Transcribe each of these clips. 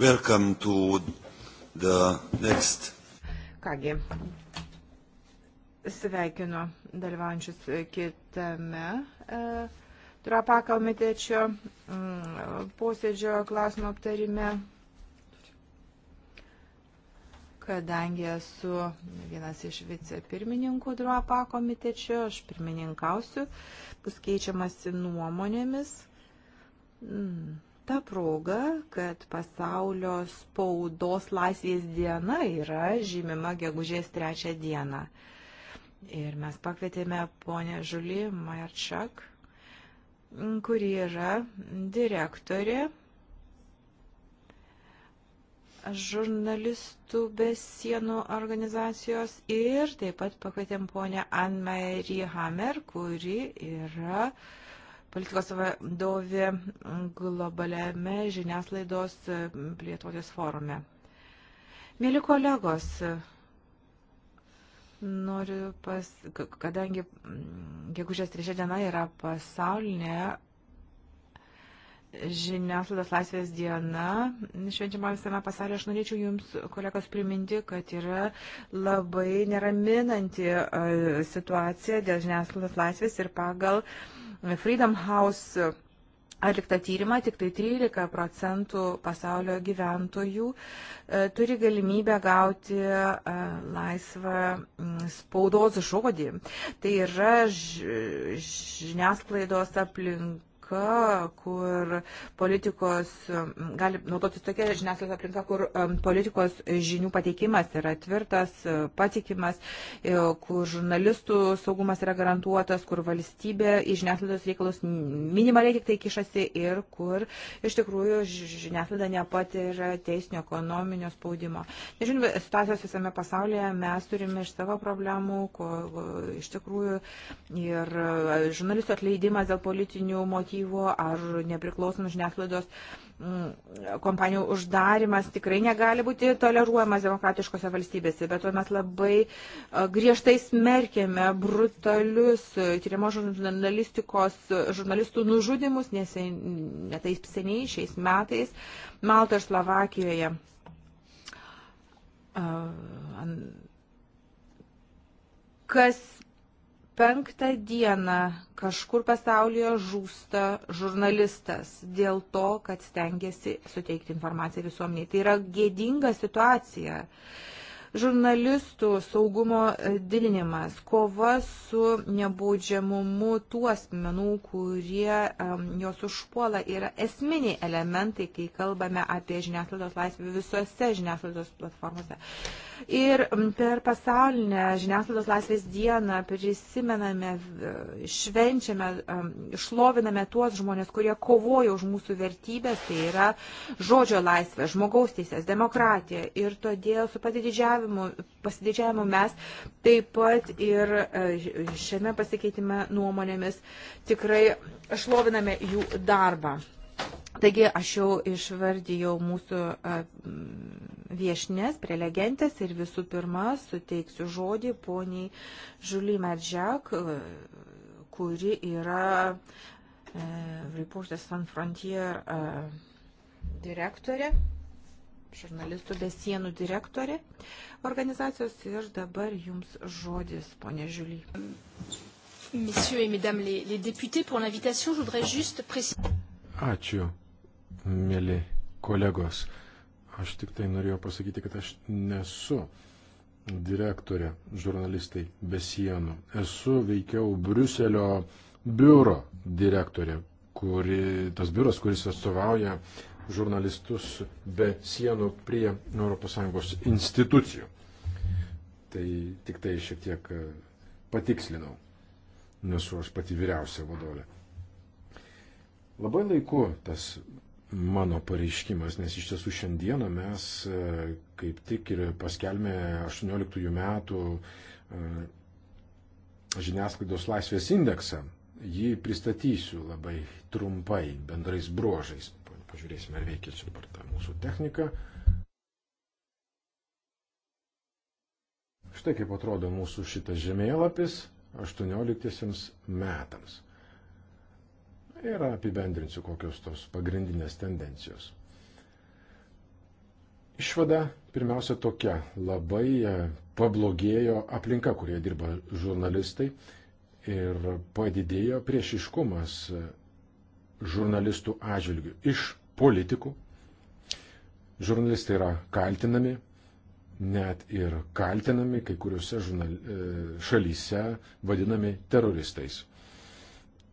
Welcome to the next. Kągi, sveikinu dalyvaujančius kitame e, trapa komitečio mm, posėdžio klausimo aptarime, kadangi esu vienas iš vicepirmininkų trapa komitečio, aš pirmininkausiu, bus keičiamasi nuomonėmis. Mm ta proga, kad pasaulio spaudos laisvės diena yra žymima gegužės trečią dieną. Ir mes pakvietėme ponę Žulį Majarčak, kuri yra direktorė žurnalistų be sienų organizacijos ir taip pat pakvietėm ponę Anne-Marie Hammer, kuri yra uh, politikos vadovė globaliame žiniaslaidos plėtotės forume. Mėly kolegos, noriu pas, kadangi gegužės trečia diena yra pasaulinė žiniaslaidos laisvės diena švenčiama visame pasaulyje. Aš norėčiau Jums, kolegos, priminti, kad yra labai neraminanti situacija dėl žiniaslaidos laisvės ir pagal uh, Freedom House e, atliktą tyrimą, tik tai 13 procentų pasaulio gyventojų e, turi galimybę gauti e, laisvą spaudos žodį. Tai yra žiniasklaidos aplink aplinka, kur politikos, um, gali naudotis tokia žiniasklaidos aplinka, kur um, politikos žinių pateikimas yra tvirtas, patikimas, e, kur žurnalistų saugumas yra garantuotas, kur valstybė į žiniasklaidos reikalus minimaliai tik tai kišasi ir kur iš tikrųjų žiniasklaida nepatiria teisinio ekonominio spaudimo. Nežinau, situacijos visame pasaulyje mes turime iš savo problemų, ko iš tikrųjų ir e, žurnalistų atleidimas dėl politinių motyvų iniciatyvų ar nepriklausomų žiniasklaidos mm, kompanijų uždarimas tikrai negali būti toleruojamas demokratiškose valstybėse, bet to mes labai e, griežtai smerkėme brutalius e, tyrimo žurnalistikos, e, žurnalistų nužudimus nesai, netaip seniai šiais metais Malta ir Slovakijoje. Kas penktą dieną kažkur pasaulyje žūsta žurnalistas dėl to, kad stengiasi suteikti informaciją visuomeniai. Tai yra gėdinga situacija. Uh, Žurnalistų saugumo didinimas, kova su nebaudžiamumu tų asmenų, kurie um, jos užpuola, yra esminiai elementai, kai kalbame apie žiniasklaidos laisvę visose žiniasklaidos platformose. Ir per pasaulinę žiniasklaidos laisvės dieną prisimename, e, švenčiame, šloviname tuos žmonės, kurie kovoja už mūsų vertybės, tai yra žodžio laisvė, žmogaus teisės, demokratija. Ir todėl su pati didžiavimu pasididžiavimu mes taip pat ir e, šiame pasikeitime nuomonėmis tikrai šloviname jų darbą. Taigi aš jau išvardijau mūsų e, viešnės, prelegentės ir visų pirma suteiksiu žodį poniai Žuly Merdžiak, e, kuri yra Reporters San Frontier direktorė žurnalistų be sienų direktorė organizacijos ir dabar jums žodis, ponė Žiuly. Messieurs et mesdames les, les députés, pour l'invitation, je voudrais juste préciser. Ačiū, mėly kolegos. Aš tik tai norėjau pasakyti, kad aš nesu direktorė žurnalistai be sienų. Esu veikiau Briuselio biuro direktorė, kuri, tas biuras, kuris atstovauja žurnalistus be sienų prie ES institucijų. Tai tik tai šiek tiek e, patikslinau, nesu aš pati vyriausia vadovė. Labai laiku tas mano pareiškimas, nes iš tiesų šiandieną mes e, kaip tik ir paskelbėme 18 metų e, žiniasklaidos laisvės indeksą. Jį pristatysiu labai trumpai, bendrais bruožais. Pažiūrėsime, ar veikia čia dabar ta mūsų technika. Štai kaip atrodo mūsų šitas žemėlapis 18 metams. Ir apibendrinsiu, kokios tos pagrindinės tendencijos. Išvada pirmiausia tokia. Labai e, pablogėjo aplinka, kurie dirba žurnalistai ir padidėjo priešiškumas e, žurnalistų atžvilgių iš politikų. Žurnalistai yra kaltinami, net ir kaltinami kai kuriuose žurnal, e, šalyse vadinami teroristais.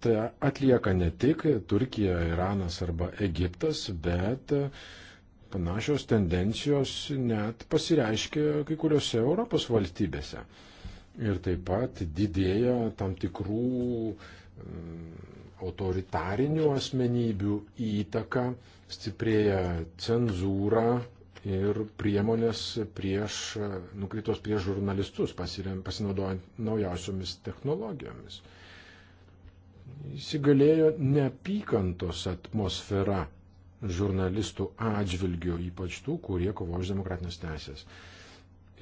Tai atlieka ne tik Turkija, Iranas arba Egiptas, bet panašios tendencijos net pasireiškia kai kuriuose Europos valstybėse. Ir taip pat didėja tam tikrų autoritarinių asmenybių įtaka, stiprėja cenzūra ir priemonės prieš, nukritos prieš žurnalistus, pasinaudojant naujausiomis technologijomis. Įsigalėjo neapykantos atmosfera žurnalistų atžvilgių, ypač tų, kurie kovoja už demokratinės teisės.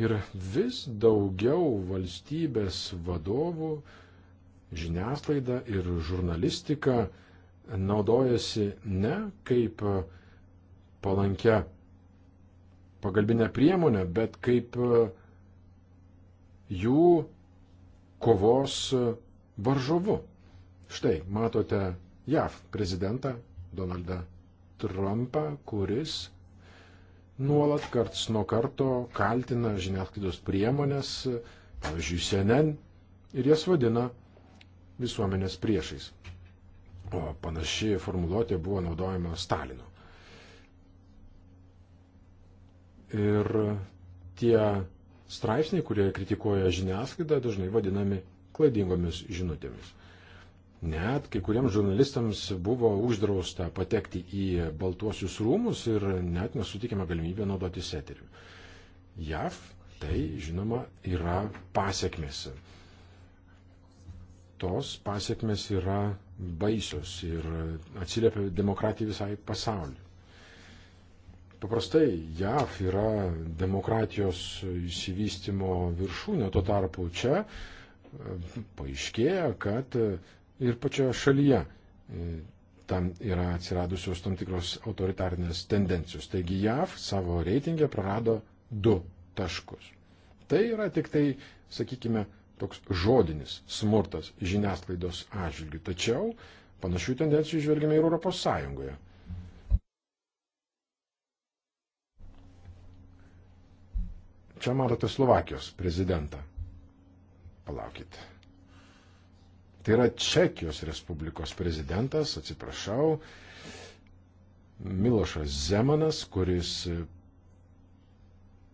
Ir vis daugiau valstybės vadovų žiniasklaida ir žurnalistika naudojasi ne kaip palankia pagalbinė priemonė, bet kaip jų kovos varžovu. Štai matote JAV prezidentą Donaldą Trumpą, kuris nuolat karts nuo karto kaltina žiniasklaidos priemonės, pavyzdžiui, CNN, ir jas vadina visuomenės priešais. O panaši formuluotė buvo naudojama Stalino. Ir tie straipsniai, kurie kritikuoja žiniasklaidą, dažnai vadinami klaidingomis žinutėmis. Net kai kuriems žurnalistams buvo uždrausta patekti į Baltuosius rūmus ir net nesutikima galimybė naudotis eteriu. JAV tai, žinoma, yra pasiekmės tos pasiekmes yra baisios ir atsiliepia demokratijai visai pasauliu. Paprastai JAV yra demokratijos įsivystimo viršūnė, tuo tarpu čia e, paaiškėja, kad e, ir pačioje šalyje e, tam yra atsiradusios tam tikros autoritarnės tendencijos. Taigi JAV savo reitingę prarado du taškus. Tai yra tik tai, sakykime, toks žodinis smurtas žiniasklaidos atžvilgių. Tačiau panašių tendencijų žvelgime ir Europos Sąjungoje. Čia matote Slovakijos prezidentą. Palaukit. Tai yra Čekijos Respublikos prezidentas, atsiprašau, Milošas Zemanas, kuris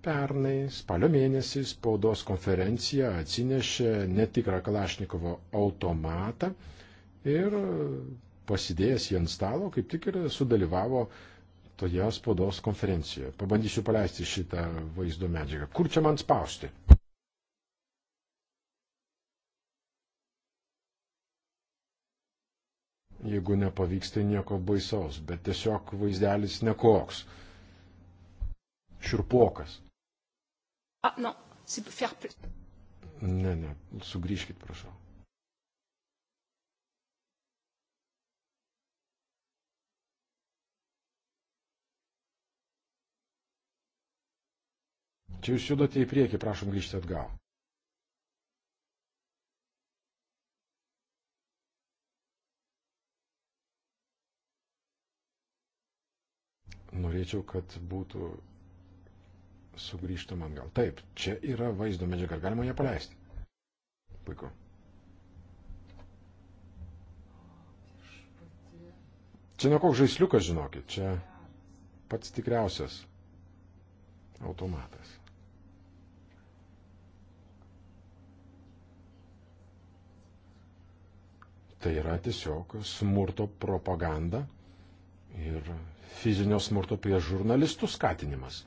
Pernai spalio mėnesį spaudos konferencija atsinešė netikrą Kalašnikovo automatą ir pasidėjęs jį ant stalo kaip tik ir sudalyvavo toje spaudos konferencijoje. Pabandysiu paleisti šitą vaizdo medžiagą. Kur čia man spausti? Jeigu nepavyks, tai nieko baisaus, bet tiesiog vaizdelis nekoks. Širpokas. A, no, si faire plus. Ne, ne, sugrįžkit, prašau. Čia jūs judate į priekį, prašom grįžti atgal. Norėčiau, kad būtų sugrįžtam atgal. Taip, čia yra vaizdo medžiaga, galima ją paleisti. Puiku. Čia ne koks žaisliukas, žinokit, čia pats tikriausias automatas. Tai yra tiesiog smurto propaganda ir fizinio smurto prieš žurnalistus skatinimas.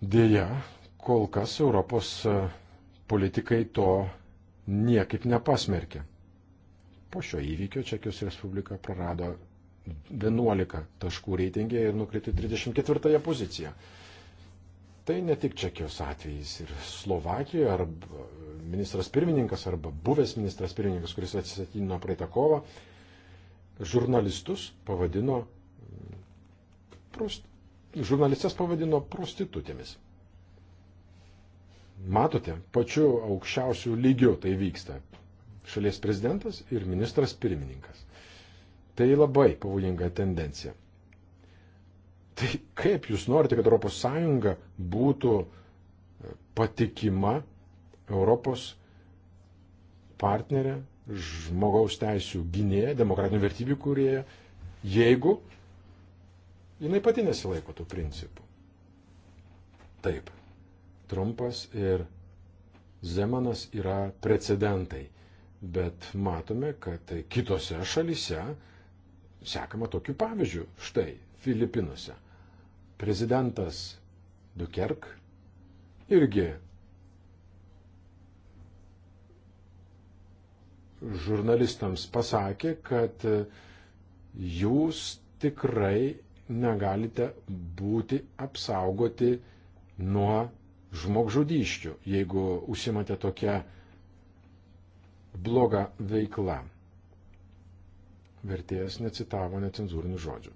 Dėja, kol kas Europos e, politikai to niekaip nepasmerkė. Po šio įvykio Čekijos Respublika prarado 11 taškų reitingė ir nukrito 34 poziciją. Tai ne tik Čekijos atvejais ir Slovakijoje, ar ministras pirmininkas, arba buvęs ministras pirmininkas, kuris atsisatino praeitą kovą, žurnalistus pavadino prust, žurnalistas pavadino prostitutėmis. Matote, pačiu aukščiausiu lygiu tai vyksta. Šalies prezidentas ir ministras pirmininkas. Tai labai pavojinga tendencija. Tai kaip jūs norite, kad ES būtų e, patikima Europos partnerė, žmogaus teisų gynėja, demokratinių vertybių kurieja, jeigu jinai pati nesilaiko tų principų. Taip, Trumpas ir Zemanas yra precedentai, bet matome, kad kitose šalyse sekama tokiu pavyzdžiu. Štai, Filipinuose prezidentas Dukerk irgi žurnalistams pasakė, kad jūs tikrai negalite būti apsaugoti nuo žmogžudyščių, jeigu užsimate tokią blogą veiklą. Vertėjas necitavo necenzūrinių žodžių.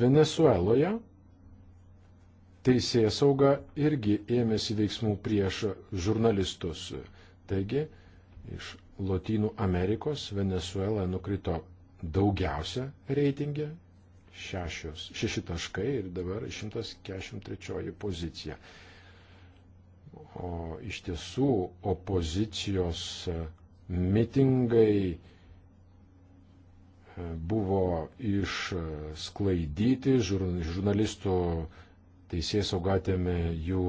Venezueloje teisėja sauga irgi ėmėsi veiksmų prieš žurnalistus. Taigi, iš Lotynų Amerikos Venezuela nukrito daugiausia reitingė, šešios, šeši taškai ir dabar 143 pozicija. O iš tiesų opozicijos e, mitingai e, buvo išsklaidyti, e, žurnalistų teisėjai saugatėme jų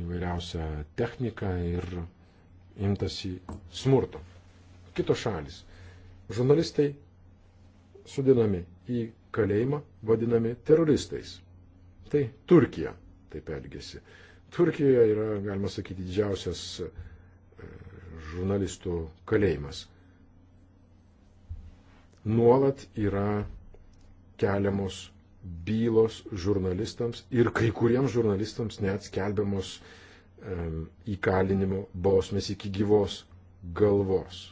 įvairiausią techniką ir imtasi smurto. Kitos šalis. Žurnalistai sudinami į kalėjimą, vadinami teroristais. Tai Turkija taip elgesi. Turkijoje yra, galima sakyti, didžiausias e, žurnalistų kalėjimas. Nuolat yra keliamos bylos žurnalistams ir kai kuriems žurnalistams net skelbiamos um, įkalinimo bausmės iki gyvos galvos.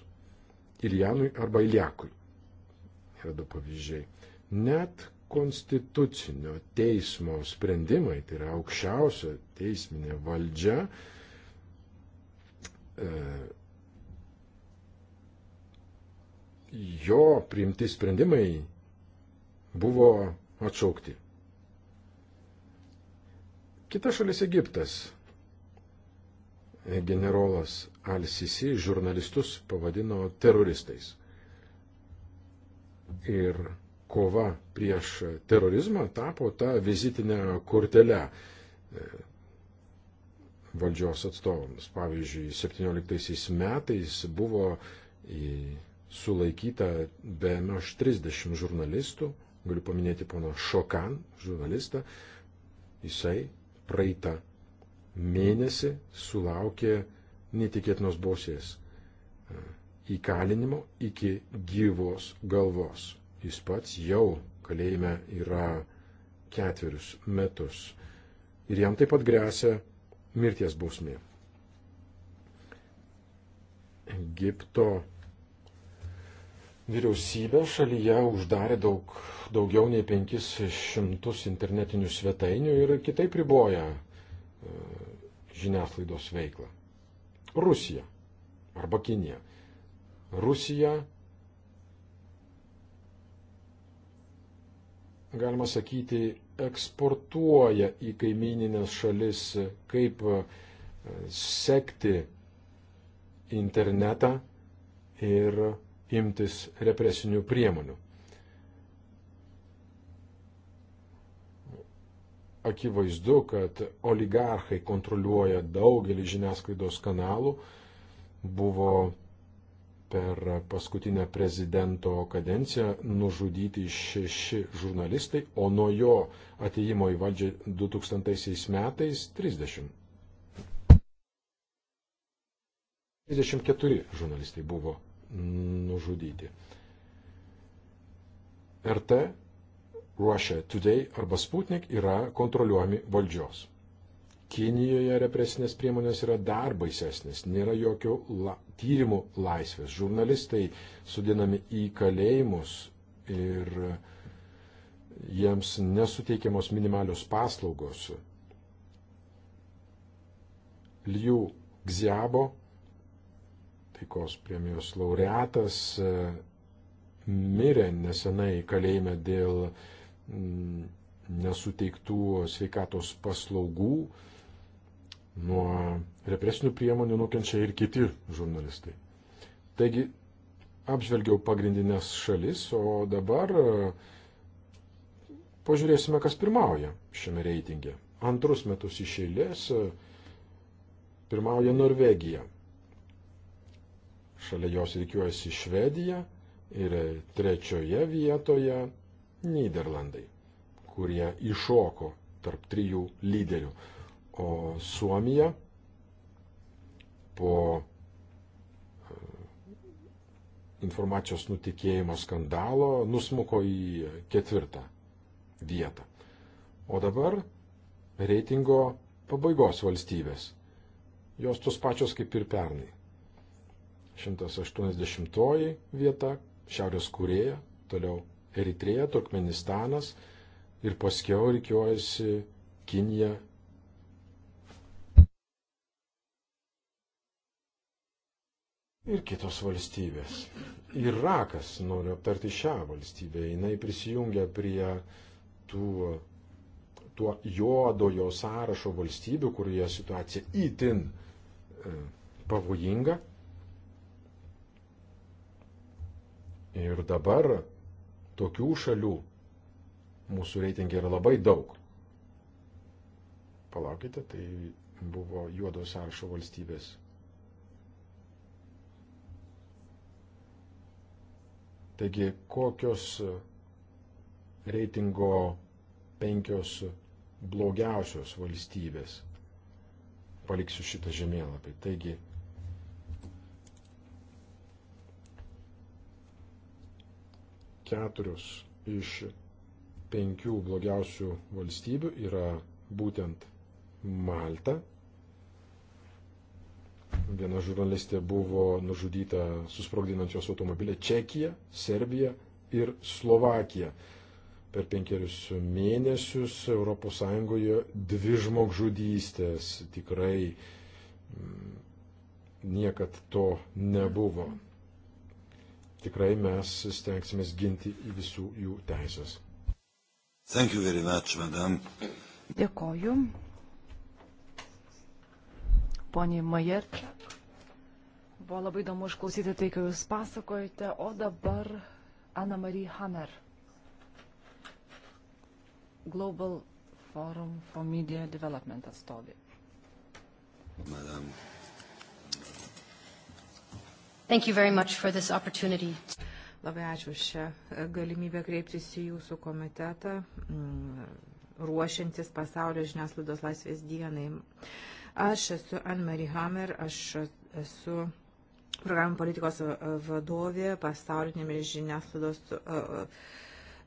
Iljanui arba Iliakui yra du pavyzdžiai. Net konstitucinio teismo sprendimai, tai yra aukščiausio teisminė valdžia, e, jo priimti sprendimai buvo atšaukti. Kita šalis Egiptas. Generolas Al-Sisi žurnalistus pavadino teroristais ir kova prieš terorizmą tapo tą vizitinę kortelę e, valdžios atstovams. Pavyzdžiui, 17 metais buvo sulaikyta be maž 30 žurnalistų, galiu paminėti pono Šokan, žurnalistą, jisai praeitą mėnesį sulaukė netikėtinos bausės e, įkalinimo iki gyvos galvos. Jis pats jau kalėjime yra ketverius metus ir jam taip pat grėsia mirties bausmė. Egipto vyriausybė šalyje uždarė daug, daugiau nei 500 internetinių svetainių ir kitaip riboja e, žiniasklaidos veiklą. Rusija arba Kinija Rusija, galima sakyti, eksportuoja į kaimininės šalis, kaip e, sekti internetą ir imtis represinių priemonių. Akivaizdu, kad oligarchai kontroliuoja daugelį žiniasklaidos kanalų, buvo per paskutinę prezidento kadenciją nužudyti šeši žurnalistai, o nuo jo atėjimo į valdžią 2000 metais 30. 34 žurnalistai buvo nužudyti. RT, Russia Today arba Sputnik yra kontroliuojami valdžios. Kinijoje represinės priemonės yra dar baisesnės, nėra jokių la, tyrimų laisvės. Žurnalistai sudinami į kalėjimus ir jiems nesuteikiamos minimalios paslaugos. Liu Gziabo, taikos premijos laureatas, mirė nesenai kalėjime dėl mm, nesuteiktų sveikatos paslaugų, Nuo represinių priemonių nukenčia ir kiti žurnalistai. Taigi, apžvelgiau pagrindinės šalis, o dabar e, pažiūrėsime, kas pirmauja šiame reitinge. Antrus metus iš eilės e, pirmauja Norvegija. Šalia jos reikiuojasi Švedija ir trečioje vietoje Niderlandai, kurie iššoko tarp trijų lyderių o Suomija po e, informacijos nutikėjimo skandalo nusmuko į ketvirtą vietą. O dabar reitingo pabaigos valstybės. Jos tos pačios kaip ir pernai. 180 vieta Šiaurės Koreja, toliau Eritreja, Turkmenistanas ir paskiau rikiuojasi Kinija ir kitos valstybės. Irakas, noriu aptarti šią valstybę, jinai prisijungia prie tų, tuo juodojo sąrašo valstybių, kurioje situacija įtin e, pavojinga. Ir dabar tokių šalių mūsų reitingai yra labai daug. Palaukite, tai buvo juodo sąrašo valstybės Taigi, kokios reitingo penkios blogiausios valstybės. Paliksiu šitą žemėlapį. Taigi, keturios iš penkių blogiausių valstybių yra būtent Malta, Viena žurnalistė buvo nužudyta susprogdinant jos automobilį Čekija, Serbija ir Slovakija. Per penkerius mėnesius ES dvi žmogžudystės tikrai mm, niekad to nebuvo. Tikrai mes stengsime ginti visų jų teisės. Much, Dėkoju poniai Majer. Buvo labai įdomu išklausyti tai, ką jūs pasakojate. O dabar Anna Marie Hammer. Global Forum for Media Development atstovė. Madam. Thank you very much for this opportunity. Labai ačiū šią galimybę kreiptis į jūsų komitetą, mm, ruošiantis pasaulio žiniasklaidos laisvės dienai. Aš esu Anne-Marie Hammer, aš esu programų politikos e, e, vadovė pasaulinėme žiniasklaidos e,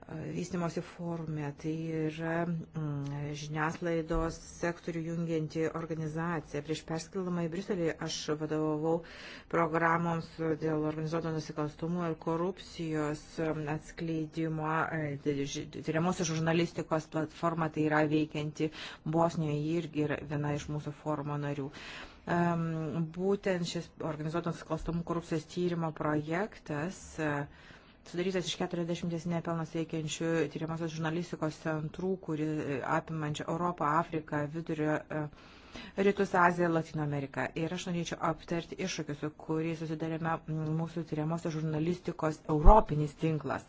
vystimosi forume. Tai yra mm, žiniaslaidos sektorių jungianti organizacija. Prieš perskildamą į Briuselį aš vadovavau programoms dėl organizuoto nusikalstumo ir korupcijos mm, atskleidimo, e, tyriamosios žurnalistikos platforma, tai yra veikianti Bosnijoje irgi yra viena iš mūsų forumo narių būtent šis organizuotos nusikalstamų korupcijos tyrimo projektas uh, sudarytas iš 40 nepelnas veikiančių tyriamosios žurnalistikos centrų, kuri e, apimančia Europą, Afriką, Vidurio e, Rytus Aziją, Latino Ameriką. Ir aš norėčiau aptarti iššūkius, su kuriais susidarėme mūsų tyriamosios žurnalistikos europinis tinklas.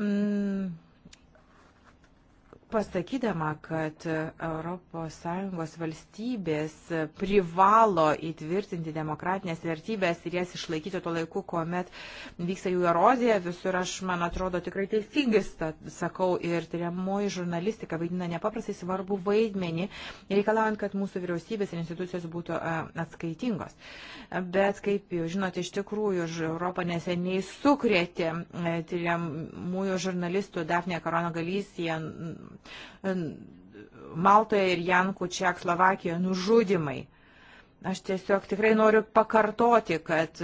Mm pasakydama, kad ES valstybės privalo įtvirtinti demokratinės vertybės ir jas išlaikyti tuo laiku, kuomet vyksta jų erozija, visur aš, man atrodo, tikrai teisingai sakau ir tyriamoji žurnalistika vaidina nepaprastai svarbu vaidmenį, reikalaujant, kad mūsų vyriausybės ir institucijos būtų atskaitingos. Bet, kaip jūs žinote, iš tikrųjų, Europą neseniai sukrėtė e, tyriamųjų žurnalistų Dafne Karona Galysija Maltoje ir Jankų Čiak Slovakijoje nužudimai. Aš tiesiog tikrai noriu pakartoti, kad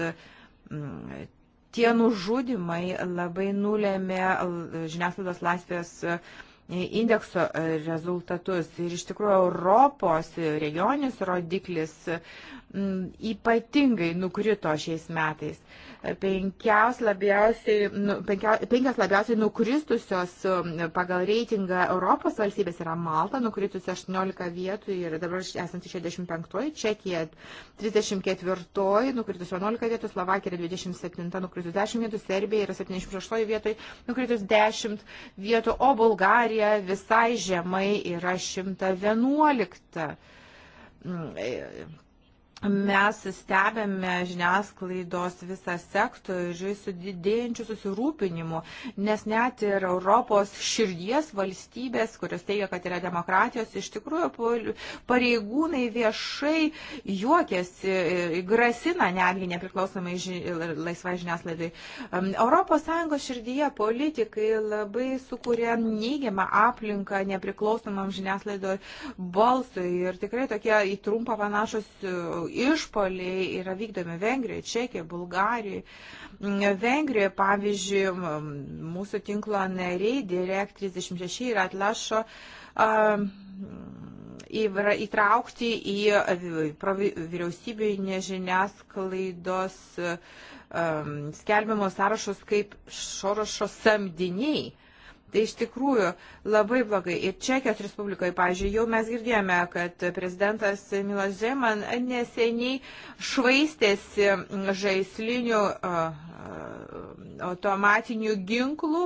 tie nužudimai labai nulėmė žiniasklaidos laisvės e, indekso e, rezultatus. Ir iš tikrųjų Europos regioninis rodiklis ypatingai nukrito šiais metais penkios labiausiai, nu, penkia, penkios labiausiai nukristusios um, pagal reitingą Europos valstybės yra Malta, nukritusi 18 vietų ir dabar esanti 65, Čekija 34, nukritus 11 vietų, Slovakija yra 27, nukritus 10 vietų, Serbija yra 78 vietoj, nukritus 10 vietų, o Bulgarija visai žemai yra 111. Mm, e, Mes stebėme žiniasklaidos visą sektorių su didėjančiu susirūpinimu, nes net ir Europos širdies valstybės, kurios teigia, kad yra demokratijos, iš tikrųjų pareigūnai viešai juokiasi, e, grasina netgi nepriklausomai ži laisvai žiniasklaidai. ES širdyje politikai labai sukuria neigiamą aplinką nepriklausomam žiniasklaido balsui ir tikrai tokie į trumpą panašus jau išpoliai yra vykdomi Vengrijoje, Čekijoje, Bulgarijoje. Mm, Vengrijoje, pavyzdžiui, mm, mūsų tinklo nariai Direct 36 ir atlašo yra įtraukti į vyriausybinė žiniasklaidos um, skelbiamos sąrašus kaip šorošo samdiniai. Uh, Tai iš tikrųjų labai blogai. Ir Čekijos Respublikoje, pavyzdžiui, jau mes girdėjome, kad prezidentas Milas Žeman neseniai švaistėsi žaislinių automatinių ginklų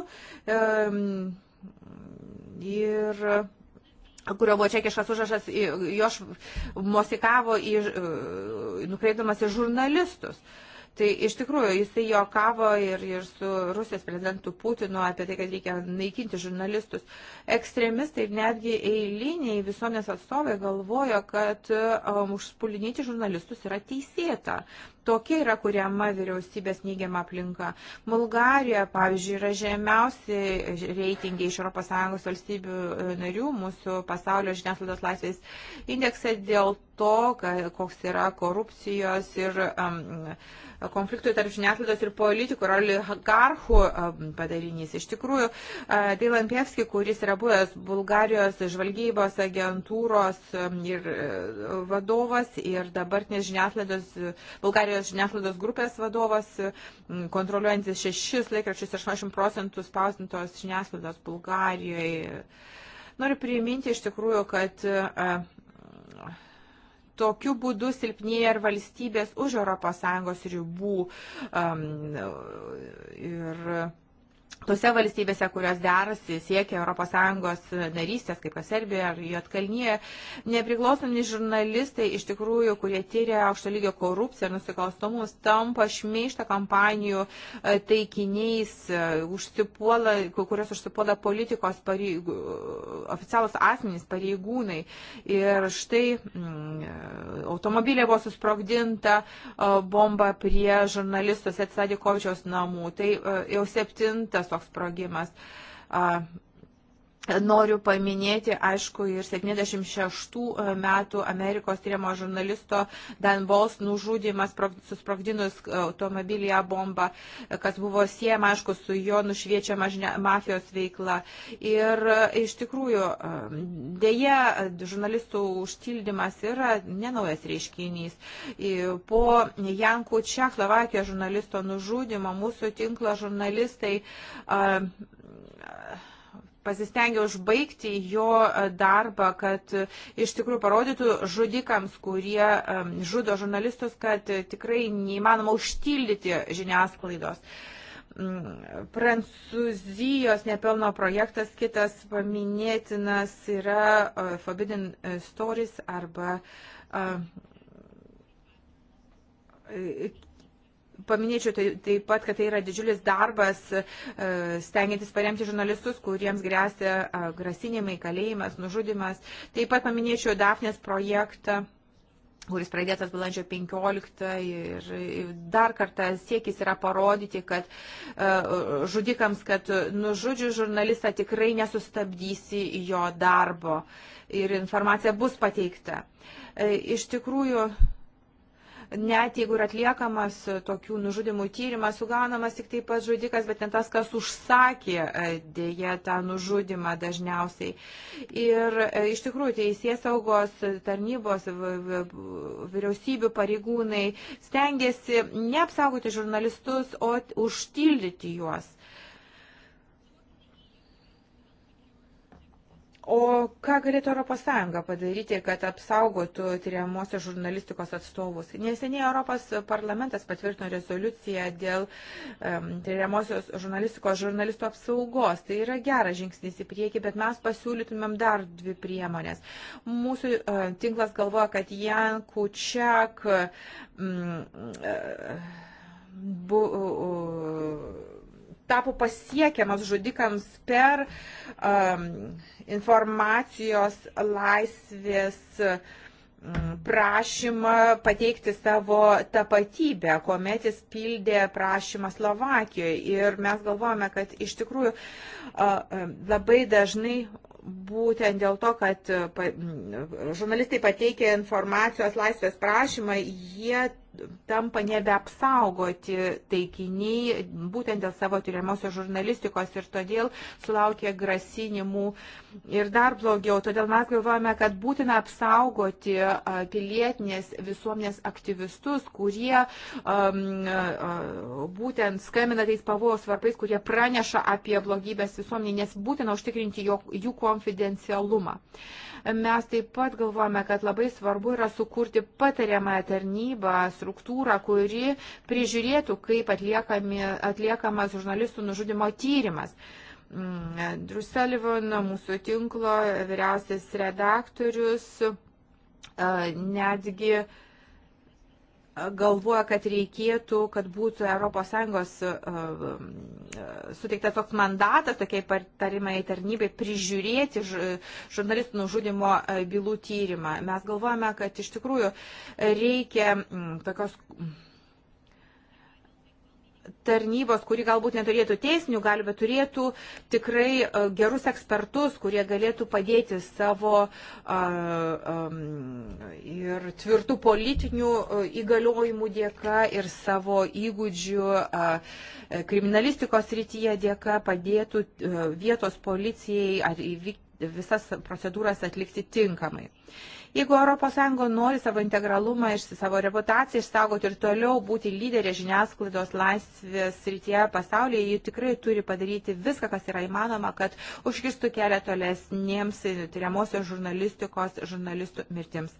ir kurio buvo čekiškas užrašas, jo mosikavo e, nukreipdamas į žurnalistus. Uh, Tai iš tikrųjų jisai jokavo ir, ir su Rusijos prezidentu Putinu apie tai, kad reikia naikinti žurnalistus. Ekstremistai ir netgi eiliniai visuomenės atstovai galvoja, kad um, užspulinėti žurnalistus yra teisėta. Tokia yra kuriama vyriausybės neigiama aplinka. Bulgarija, pavyzdžiui, yra žemiausi reitingai iš ES valstybių e, narių mūsų pasaulio žiniasklaidos laisvės indeksai dėl to, koks yra korupcijos ir um, konfliktui tarp žiniasklaidos ir politikų ir oligarchų padarinys. Iš tikrųjų, Dailan Pievski, kuris yra buvęs Bulgarijos žvalgybos agentūros ir e, vadovas ir dabartinės žiniasklaidos, Bulgarijos žiniasklaidos grupės vadovas, kontroliuojantis šešis laikraščius ir 80 procentų spausdintos žiniasklaidos Bulgarijoje. Noriu priminti iš tikrųjų, kad tokiu būdu silpnėja ir valstybės už ES ribų. Um, ir tose valstybėse, kurios derasi, siekia ES narystės, kaip Serbija ar Jotkalnyje, nepriklausomi žurnalistai, iš tikrųjų, kurie tyria aukšto lygio korupciją ir nusikalstumus, tampa šmeištą kampanijų e, taikiniais, e, užsipuola, kurios užsipuola politikos pareigų, oficialus asmenys, pareigūnai. Ir štai m, mm, e, automobilė buvo susprogdinta bomba prie žurnalistus Etsadikovičiaus namų. Tai jau septintas toks sprogimas. Noriu paminėti, aišku, ir 76 e, metų Amerikos tyrimo žurnalisto Dan Bols nužudimas, susprogdinus e, automobilyje bombą, e, kas buvo siejama, aišku, su jo nušviečiama žinia, mafijos veikla. Ir iš tikrųjų, dėja, žurnalistų užtildymas yra nenaujas reiškinys. Po Jankų Čeklovakijos žurnalisto nužudimo mūsų tinklo žurnalistai. Uh, pasistengė užbaigti jo e, darbą, kad e, iš tikrųjų parodytų žudikams, kurie e, žudo žurnalistus, kad tikrai neįmanoma užtildyti žiniasklaidos. Mm, Prancūzijos nepelno projektas kitas paminėtinas yra Forbidden Stories arba paminėčiau tai, taip pat, kad tai yra didžiulis darbas, e, stengiantis paremti žurnalistus, kuriems grėsia e, grasinimai, kalėjimas, nužudimas. Taip pat paminėčiau Dafnės projektą kuris pradėtas balandžio 15 ir dar kartą siekis yra parodyti, kad e, žudikams, kad nužudžių žurnalistą tikrai nesustabdysi jo darbo ir informacija bus pateikta. Iš tikrųjų, net jeigu ir atliekamas tokių nužudimų tyrimas, sugaunamas tik taip pat žudikas, bet ne tas, kas užsakė e, dėje tą nužudimą dažniausiai. Ir e, iš tikrųjų teisės saugos tarnybos vyriausybių pareigūnai stengiasi neapsaugoti žurnalistus, o užtildyti juos. O ką galėtų ES padaryti, kad apsaugotų tyriamosios žurnalistikos atstovus? Neseniai Europos parlamentas patvirtino rezoliuciją dėl um, tyriamosios žurnalistikos žurnalistų apsaugos. Tai yra geras žingsnis į priekį, bet mes pasiūlytumėm dar dvi priemonės. Mūsų uh, tinklas galvoja, kad Jan Kučiak. Um, uh, bu, uh, tapo pasiekiamas žudikams per um, informacijos laisvės um, prašymą pateikti savo tapatybę, kuomet jis pildė prašymą Slovakijoje. Ir mes galvojame, kad iš tikrųjų labai dažnai būtent dėl to, kad žurnalistai pateikė informacijos laisvės prašymą, jie tampa nebeapsaugoti taikiniai būtent dėl savo tyriamosios žurnalistikos ir todėl sulaukia grasinimų ir dar blogiau. Todėl mes galvojame, kad būtina apsaugoti pilietinės visuomenės aktyvistus, kurie um, būtent skamina tais pavojos varpais, kurie praneša apie blogybės visuomenį, nes būtina užtikrinti jo, jų konfidencialumą. Mes taip pat galvojame, kad labai svarbu yra sukurti patariamąją tarnybą, struktūrą, kuri prižiūrėtų, kaip atliekamas žurnalistų nužudimo tyrimas. Mm, Drew Sullivan, mūsų tinklo vyriausias redaktorius, netgi uh, galvoja, kad reikėtų, kad būtų ES e, e, suteiktas toks mandatas tokiai tarimai tarnybai prižiūrėti žurnalistų nužudimo e, bylų tyrimą. Mes galvojame, kad iš tikrųjų reikia tokios tarnybos, kuri galbūt neturėtų teisinių galių, bet turėtų tikrai e, gerus ekspertus, kurie galėtų padėti savo ir tvirtų politinių e, įgaliojimų dėka ir savo įgūdžių e, kriminalistikos rytyje dėka padėtų vietos policijai ar visas procedūras atlikti tinkamai. Uh, Jeigu ES nori savo integralumą ir savo reputaciją išsaugoti ir toliau būti lyderė žiniasklaidos laisvės rytyje pasaulyje, ji tikrai turi padaryti viską, kas yra įmanoma, kad užkirstų kelią tolesniems e, tyriamosios žurnalistikos žurnalistų mirtims.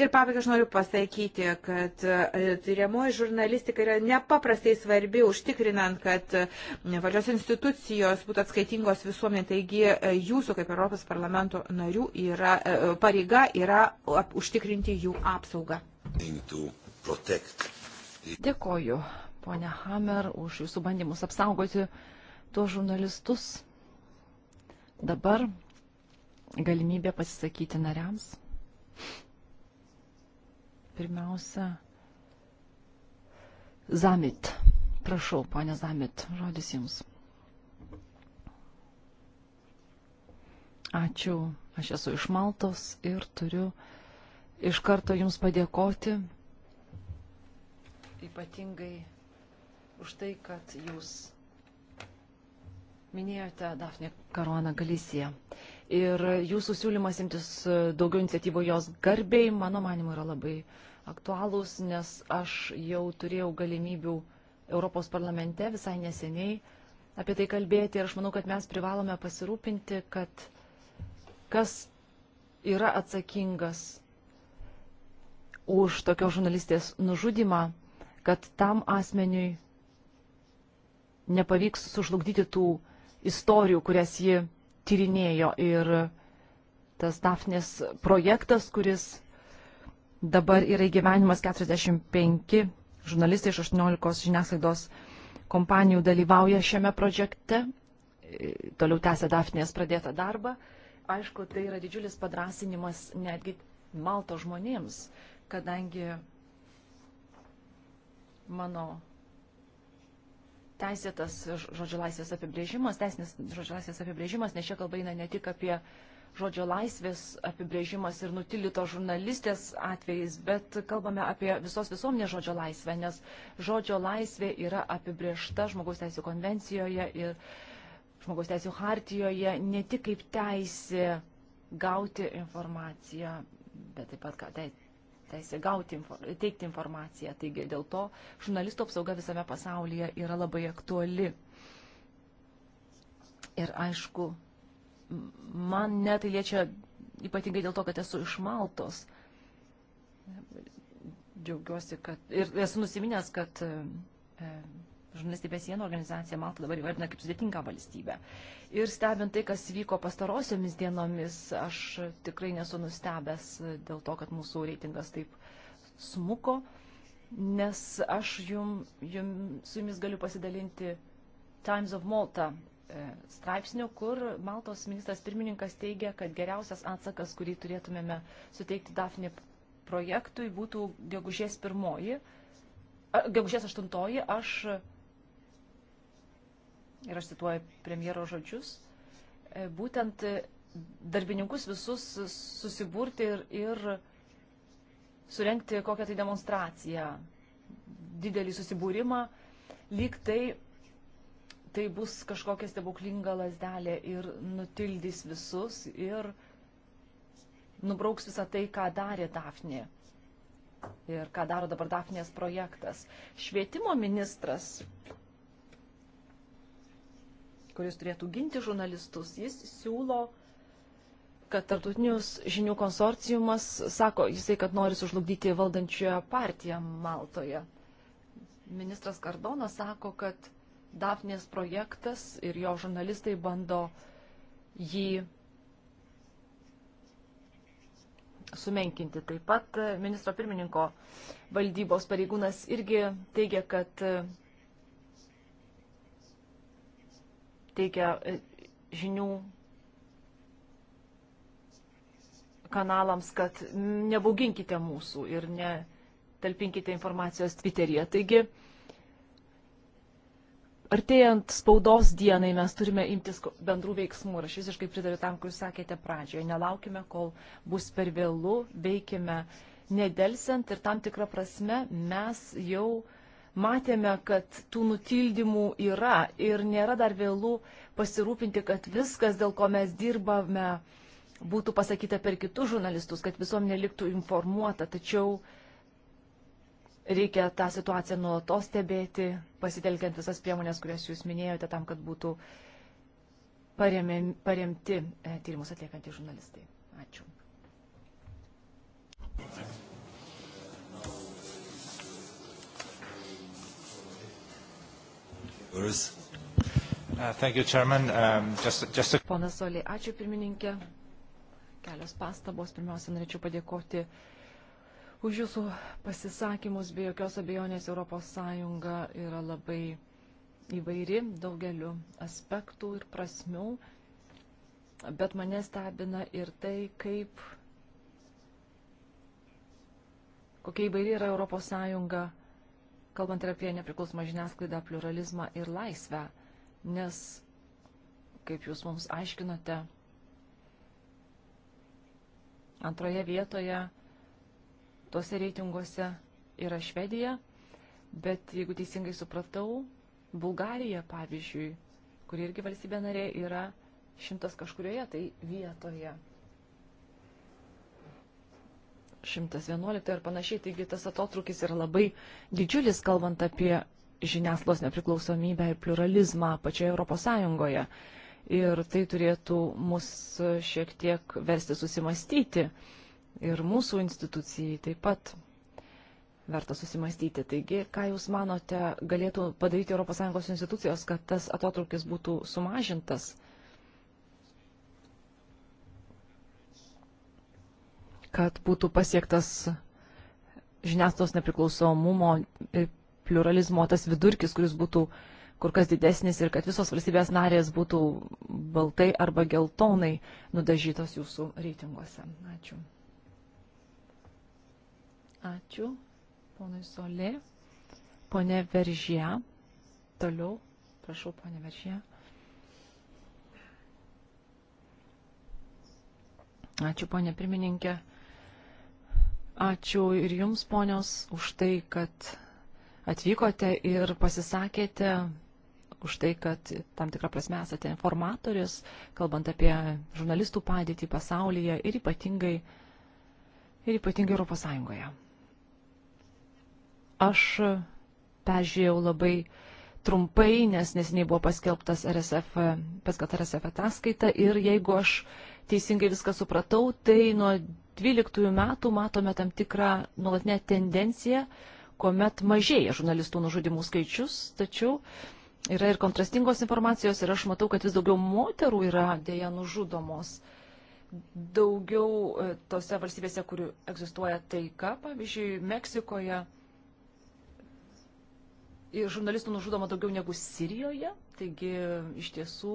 Ir pabaigai aš noriu pasakyti, kad e, tyriamoji žurnalistika yra nepaprastai svarbi, užtikrinant, kad e, valdžios institucijos būtų atskaitingos visuomenė. Taigi e, jūsų kaip Europos parlamento narių yra, pareiga yra užtikrinti jų apsaugą. Dėkoju, ponia Hammer, už jūsų bandymus apsaugoti tuos žurnalistus. Dabar galimybė pasisakyti nariams. Thank you. Pirmiausia, Zamit. Prašau, ponė Zamit, žodis jums. Ačiū, aš esu iš Maltos ir turiu iš karto jums padėkoti ypatingai už tai, kad jūs minėjote Dafne Karuaną Galisiją. Ir jūsų siūlymas imtis daugiau iniciatyvų jos garbiai, mano manimu, yra labai uh, aktualūs, nes aš jau turėjau galimybių Europos parlamente visai neseniai apie tai kalbėti ir aš manau, kad mes privalome pasirūpinti, kad kas yra atsakingas už tokios žurnalistės nužudimą, kad tam asmeniui nepavyks sužlugdyti tų istorijų, kurias ji tyrinėjo. Ir tas Dafnės projektas, kuris dabar yra įgyvenimas 45 žurnalistai iš 18 žiniasklaidos kompanijų dalyvauja šiame projekte, e, toliau tęsia Dafnės pradėtą darbą. Aišku, tai yra didžiulis padrasinimas netgi Malto žmonėms, kadangi mano teisėtas žodžio laisvės apibrėžimas, teisinis žodžio laisvės apibrėžimas, nes čia kalba eina ne tik apie uh, žodžio laisvės apibrėžimas ir nutilito žurnalistės atvejais, bet kalbame apie visos visuomenės žodžio laisvę, nes žodžio laisvė yra apibriešta žmogaus teisų konvencijoje ir žmogaus teisų hartijoje ne tik kaip teisė gauti informaciją, bet taip pat teisė gauti, teikti informaciją. Taigi dėl to žurnalistų apsauga visame pasaulyje yra labai aktuali. Ir aišku, man netai liečia ypatingai dėl to, kad esu iš Maltos. Džiaugiuosi, kad ir esu nusiminęs, kad e, žurnalistai be sienų organizacija Malta dabar įvardina kaip sudėtingą valstybę. Ir stebint tai, kas vyko pastarosiomis dienomis, aš tikrai nesu nustebęs dėl to, kad mūsų reitingas taip smuko, nes aš jum, jum, su jumis galiu pasidalinti Times of Malta E, straipsnių, kur Maltos ministras pirmininkas teigia, kad geriausias atsakas, kurį turėtumėme suteikti Dafni projektui, būtų gegužės pirmoji, gegužės aštuntoji, aš, ir aš cituoju premjero žodžius, e, būtent darbininkus visus susiburti ir, ir surenkti kokią tai demonstraciją, didelį susibūrimą, lyg tai tai bus kažkokia stebuklinga lasdelė ir nutildys visus ir nubrauks visą tai, ką darė Dafnė. Ir ką daro dabar Dafnės projektas. Švietimo ministras, kuris turėtų ginti žurnalistus, jis siūlo, kad tartutinius žinių konsorciumas, sako jisai, kad nori sužlugdyti valdančioje partiją Maltoje. Ministras Kardonas sako, kad Dafnės projektas ir jo žurnalistai bando jį sumenkinti. Taip pat e, ministro pirmininko valdybos pareigūnas irgi teigia, kad e, teikia e, žinių kanalams, kad nebauginkite mūsų ir netalpinkite informacijos Twitter'yje. Taigi, artėjant spaudos dienai mes turime imtis bendrų veiksmų ir aš visiškai pritariu tam, kur jūs sakėte pradžioje. Nelaukime, kol bus per vėlų, veikime nedelsiant ir tam tikrą prasme mes jau matėme, kad tų nutildymų yra ir nėra dar vėlų pasirūpinti, kad viskas, dėl ko mes dirbame, būtų pasakyta per kitus žurnalistus, kad visuomenė liktų informuota. Tačiau uh, Reikia tą situaciją nuolatos stebėti, pasitelkiant visas priemonės, kurias jūs minėjote, tam, kad būtų paremti, paremti tyrimus atliekantys žurnalistai. Ačiū. Uh, um, Ponas Solė, ačiū pirmininkė. Kelios pastabos. Pirmiausia, norėčiau padėkoti uh, už jūsų pasisakymus. Be jokios abejonės ES yra labai įvairi daugeliu aspektų ir prasmių, bet mane stebina ir tai, kaip kokia įvairi yra ES, kalbant ir apie nepriklausomą žiniasklaidą, pluralizmą ir laisvę. Nes, kaip jūs mums aiškinote, antroje vietoje Tuose reitinguose yra Švedija, bet jeigu teisingai supratau, Bulgarija, pavyzdžiui, kuri irgi valstybė narė, yra šimtas kažkurioje tai vietoje. 111 ir panašiai, taigi tas atotrukis yra labai didžiulis, kalbant apie žiniaslos nepriklausomybę ir pluralizmą pačioje Europos Sąjungoje. Ir tai turėtų mus šiek tiek versti susimastyti. Uh, ir mūsų institucijai taip pat verta susimastyti. Taigi, ką Jūs manote, galėtų padaryti ES institucijos, kad tas atotrukis būtų sumažintas? kad būtų pasiektas žiniasklaidos nepriklausomumo ir e, pluralizmo tas vidurkis, kuris būtų kur kas didesnis ir kad visos valstybės narės būtų baltai arba geltonai nudažytos jūsų reitinguose. Ačiū. Ačiū, ponui Solė. Pone Veržė. Toliau, prašau, pone Veržė. Ačiū, ponė pirmininkė. Ačiū ir jums, ponios, už tai, kad atvykote ir pasisakėte už tai, kad tam tikrą prasme esate informatorius, kalbant apie žurnalistų padėtį pasaulyje ir ypatingai, ir ypatingai Europos Sąjungoje. Aš peržiūrėjau labai trumpai, nes nesiniai buvo paskelbtas RSF, paskelbta RSF ataskaita ir jeigu aš teisingai viską supratau, tai nuo 12 metų matome tam tikrą nuolatinę tendenciją, kuomet mažėja žurnalistų nužudimų skaičius, tačiau yra ir kontrastingos informacijos ir aš matau, kad vis daugiau moterų yra dėja nužudomos. Daugiau e, tose valstybėse, kurių egzistuoja taika, pavyzdžiui, Meksikoje ir žurnalistų nužudoma daugiau negu Sirijoje, taigi iš tiesų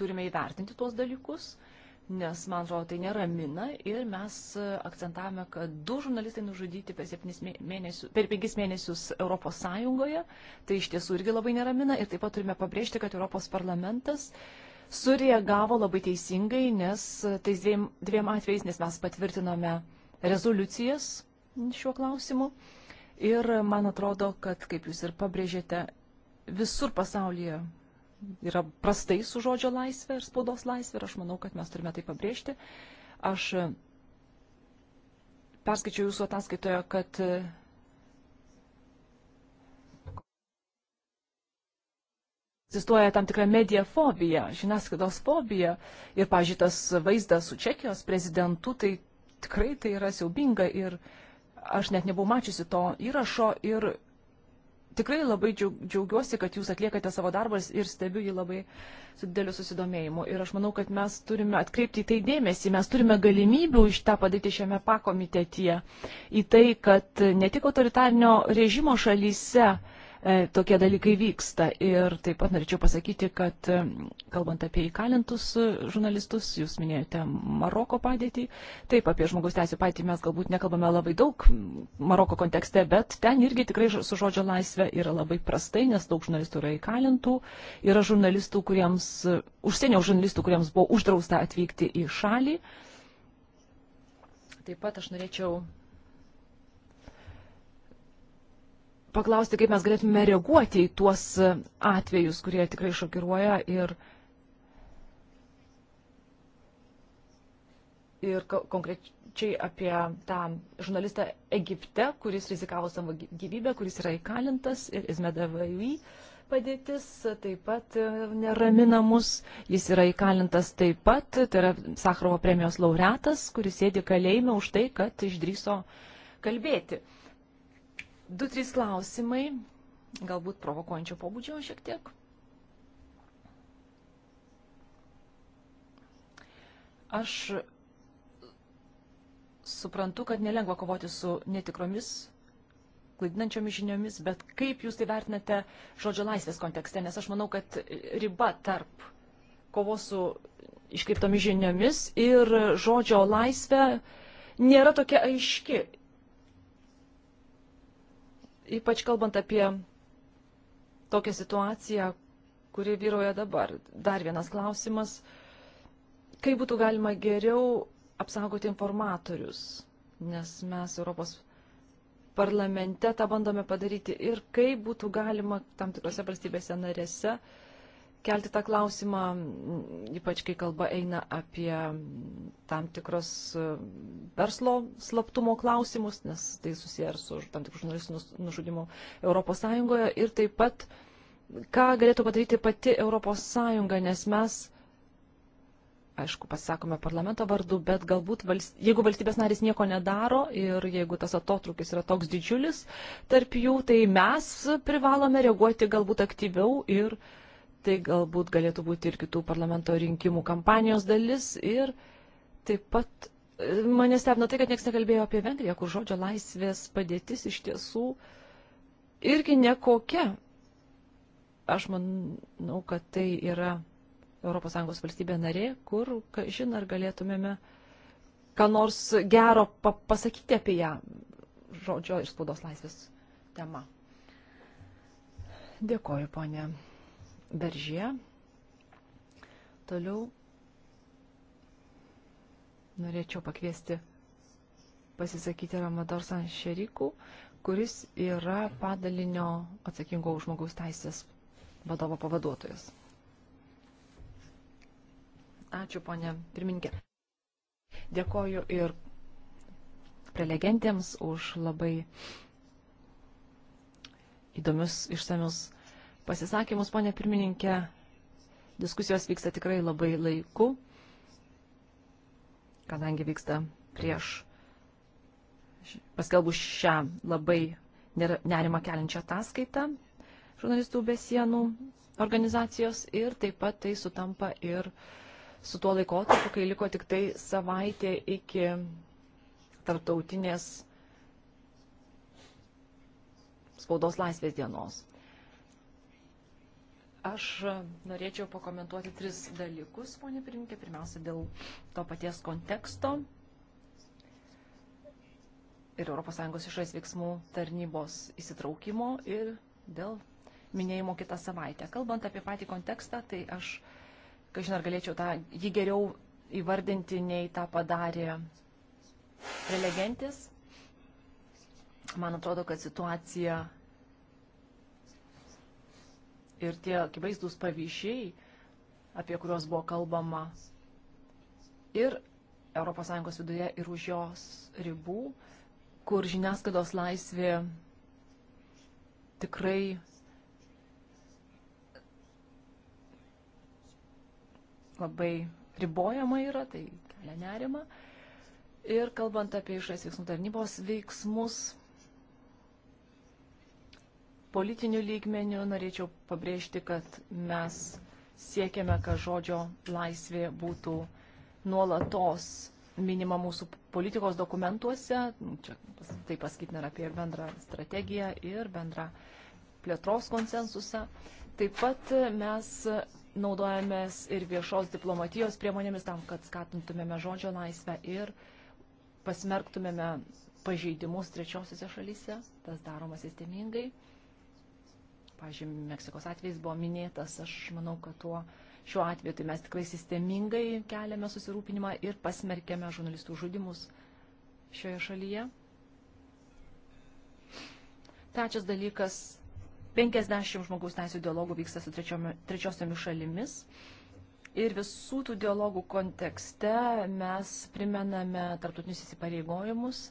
turime įvertinti tuos dalykus, nes, man atrodo, tai neramina ir mes akcentavome, kad du žurnalistai nužudyti per, mėnesių, per penkis mėnesius Europos Sąjungoje, tai iš tiesų irgi labai neramina ir taip pat turime pabrėžti, kad Europos parlamentas sureagavo labai teisingai, nes tais dviem, dviem atvejais, nes mes patvirtinome rezoliucijas šiuo klausimu. Uh, Ir man atrodo, kad, kaip jūs ir pabrėžėte, visur pasaulyje yra prastai su žodžio laisvė ir spaudos laisvė ir aš manau, kad mes turime tai pabrėžti. Aš perskaičiau jūsų ataskaitoje, kad egzistuoja tam tikra mediafobija, žiniasklaidos fobija ir, pažiūrėtas vaizdas su Čekijos prezidentu, tai tikrai tai yra siaubinga ir uh, Aš net nebuvau mačiusi to įrašo ir tikrai labai džiaugiuosi, kad jūs atliekate savo darbas ir stebiu jį labai su dideliu susidomėjimu. Ir aš manau, kad mes turime atkreipti į tai dėmesį, mes turime galimybių iš tą padaryti šiame pakomitetyje. Į tai, kad ne tik autoritarnio režimo šalyse E, tokie dalykai vyksta. Ir taip pat norėčiau pasakyti, kad e, kalbant apie įkalintus e, žurnalistus, jūs minėjote Maroko padėtį. Taip, apie žmogus teisų patį mes galbūt nekalbame labai daug Maroko kontekste, bet ten irgi tikrai su žodžio laisvė yra labai prastai, nes daug žurnalistų yra įkalintų. Yra žurnalistų, kuriems, užsienio žurnalistų, kuriems buvo uždrausta atvykti į šalį. Taip pat aš norėčiau paklausti, kaip mes galėtume reaguoti į tuos e, atvejus, kurie tikrai šokiruoja ir, ir konkrečiai apie tą žurnalistą Egipte, kuris rizikavo savo gyvybę, kuris yra įkalintas ir Izmedavai padėtis taip pat e, neramina mus. Jis yra įkalintas taip pat, tai yra Sakrovo premijos laureatas, kuris sėdi kalėjime už tai, kad išdryso kalbėti. Uh, Du, trys klausimai, galbūt provokuojančio pobūdžio šiek tiek. Aš suprantu, kad nelengva kovoti su netikromis klaidinančiomis žiniomis, bet kaip jūs tai vertinate žodžio laisvės kontekste, nes aš manau, kad riba tarp kovos su iškreiptomis žiniomis ir žodžio laisvė nėra tokia aiški. Ypač kalbant apie tokią situaciją, kuri vyroja dabar. Dar vienas klausimas. Kaip būtų galima geriau apsaugoti informatorius? Nes mes Europos parlamente tą bandome padaryti ir kaip būtų galima tam tikrose valstybėse narėse uh, kelti tą klausimą, ypač kai kalba eina apie tam tikros e, verslo slaptumo klausimus, nes tai susiję ir su tam tikrų žurnalistų nužudimu ES ir taip pat, ką galėtų padaryti pati ES, nes mes aišku, pasakome parlamento vardu, bet galbūt valst... jeigu valstybės narys nieko nedaro ir jeigu tas atotrukis yra toks didžiulis tarp jų, tai mes privalome reaguoti galbūt aktyviau ir uh, tai galbūt galėtų būti ir kitų parlamento rinkimų kampanijos dalis. Ir taip pat e, mane stebina tai, kad niekas nekalbėjo apie Vengriją, kur žodžio laisvės padėtis iš tiesų irgi nekokia. Aš manau, kad tai yra ES valstybė narė, kur, žin, ar galėtumėme ką nors gero pa pasakyti apie ją žodžio ir spaudos laisvės tema. Dėkoju, ponė Beržė. Toliau norėčiau pakviesti pasisakyti Ramador Sanšerikų, kuris yra padalinio atsakingo už žmogaus teisės vadovo pavaduotojas. Ačiū, ponė pirmininkė. Dėkoju ir prelegentėms už labai įdomius išsamius pasisakymus, ponė pirmininkė. Diskusijos vyksta tikrai labai laiku, kadangi vyksta prieš paskelbus šią labai nerima keliančią ataskaitą žurnalistų be sienų organizacijos ir taip pat tai sutampa ir su tuo laikotarpiu, kai liko tik tai savaitė iki tarptautinės spaudos laisvės dienos. Aš norėčiau pakomentuoti tris dalykus, ponė pirmininkė. Pirmiausia, dėl to paties konteksto ir ES išorės veiksmų tarnybos įsitraukimo ir dėl minėjimo kitą savaitę. Kalbant apie patį kontekstą, tai aš, kažin ar galėčiau tą, jį geriau įvardinti, nei tą padarė prelegentis. Man atrodo, kad situacija Ir tie akivaizdūs pavyzdžiai, apie kuriuos buvo kalbama ir ES viduje, ir už jos ribų, kur žiniasklaidos laisvė tikrai labai ribojama yra, tai kelia nerima. Ir kalbant apie išorės veiksmų tarnybos veiksmus, Politiniu lygmeniu norėčiau pabrėžti, kad mes siekiame, kad žodžio laisvė būtų nuolatos minima mūsų politikos dokumentuose, čia tai paskaitina apie bendrą strategiją ir bendrą plėtros konsensusą. Taip pat mes naudojamės ir viešos diplomatijos priemonėmis tam, kad skatintumėme žodžio laisvę ir pasmerktumėme pažeidimus trečiosiuose šalyse, tas daroma sistemingai pažiūrėjau, Meksikos atvejs buvo minėtas, aš manau, kad tuo šiuo atveju tai mes tikrai sistemingai keliame susirūpinimą ir pasmerkėme žurnalistų žudimus šioje šalyje. Trečias dalykas - 50 žmogaus teisų dialogų vyksta su trečiosiomis šalimis. Ir visų tų dialogų kontekste mes primename tarptautinius įsipareigojimus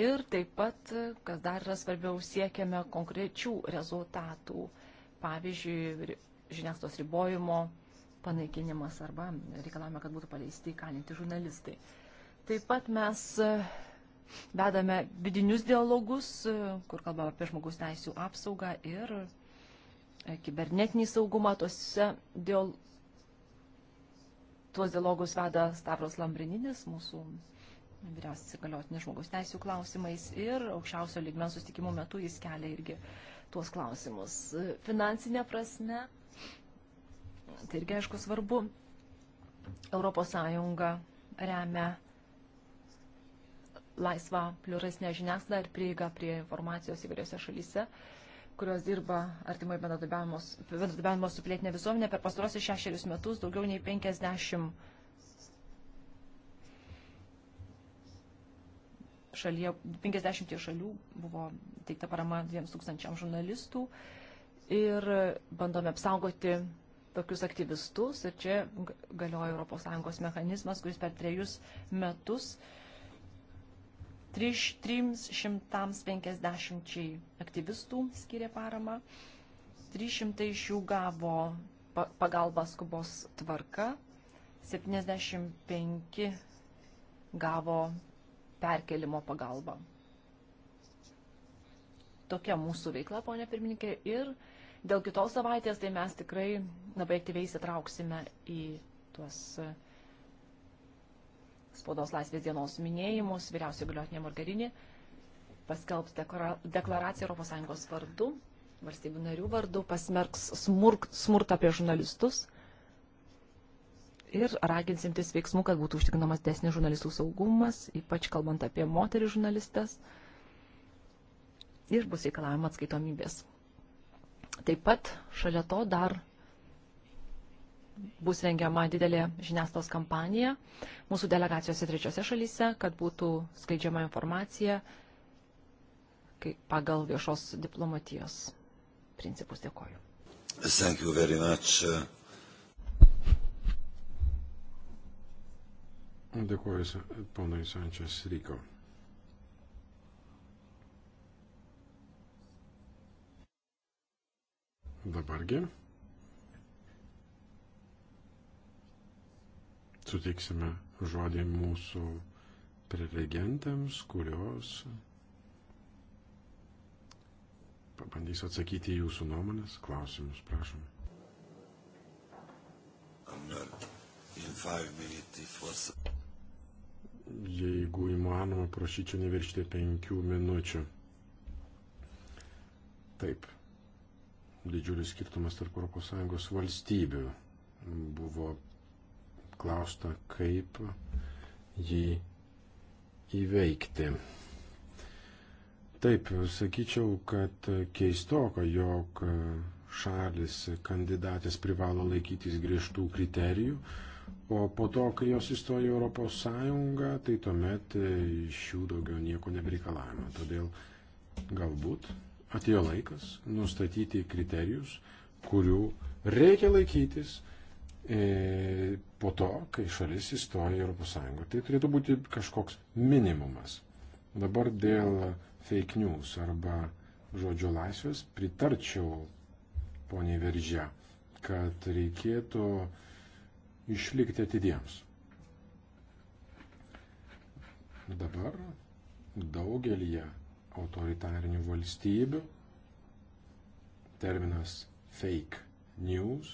Ir taip pat, kas dar yra svarbiau, siekiame konkrečių rezultatų. Pavyzdžiui, žiniasklaidos ribojimo panaikinimas arba reikalavime, kad būtų paleisti įkalinti žurnalistai. Taip pat mes e, vedame vidinius dialogus, e, kur kalbame apie žmogus teisų apsaugą ir e, kibernetinį saugumą. Tuose dial... tuos dialogus veda Stavros Lambrininis, mūsų vyriausias įgaliotinis žmogaus teisų klausimais ir aukščiausio lygmens sustikimų metu jis kelia irgi tuos klausimus. Finansinė prasme, tai irgi aišku svarbu, ES remia laisvą pliuresnę žiniasklaidą ir prieigą prie informacijos įvairiose šalyse kurios dirba artimai bendradarbiavimo su pilietinė visuomenė per pastarosius šešerius metus daugiau nei 50 šalyje, 50 šalių buvo teikta parama 2000 žurnalistų ir bandome apsaugoti tokius aktyvistus ir čia galioja ES mechanizmas, kuris per trejus metus 350 aktyvistų skiria paramą, 300 iš jų gavo pagalbą skubos tvarka, 75 gavo perkelimo pagalba. Tokia mūsų veikla, ponė pirmininkė, ir dėl kitos savaitės, tai mes tikrai labai aktyviai įsitrauksime į tuos spaudos laisvės dienos minėjimus. Vyriausiai galiotinė Margarinė paskelbs deklaraciją ES vardu, valstybių narių vardu, pasmerks smurk, smurtą prie žurnalistus ir raginsimtis veiksmų, kad būtų užtikrinamas desnis žurnalistų saugumas, ypač kalbant apie moterį žurnalistas. Ir bus reikalavimo atskaitomybės. Taip pat šalia to dar bus rengiama didelė žiniasklaidos kampanija mūsų delegacijose trečiose šalyse, kad būtų skleidžiama informacija pagal viešos diplomatijos principus. Dėkoju. Thank you very much. Uh... Dėkuoju ponui Sančias Ryko. Dabargi suteiksime žodį mūsų prelegentams, kurios pabandys atsakyti į jūsų nuomonės klausimus, prašom. I'm not in five minutes. It was Jeigu įmanoma, prašyčiau neviršti penkių minučių. Taip, didžiulis skirtumas tarp ES valstybių. Buvo klausta, kaip jį įveikti. Taip, sakyčiau, kad keistoka, jog šalis kandidatės privalo laikytis griežtų kriterijų, O po to, kai jos įstojo į Europos Sąjungą, tai tuomet e, iš jų daugiau nieko nebereikalavimo. Todėl galbūt atėjo laikas nustatyti kriterijus, kurių reikia laikytis e, po to, kai šalis įstoja į Europos Sąjungą. Tai turėtų būti kažkoks minimumas. Dabar dėl fake news arba žodžio laisvės pritarčiau poniai Veržia, kad reikėtų išlikti atidiems. Dabar daugelie autoritarinių valstybių terminas fake news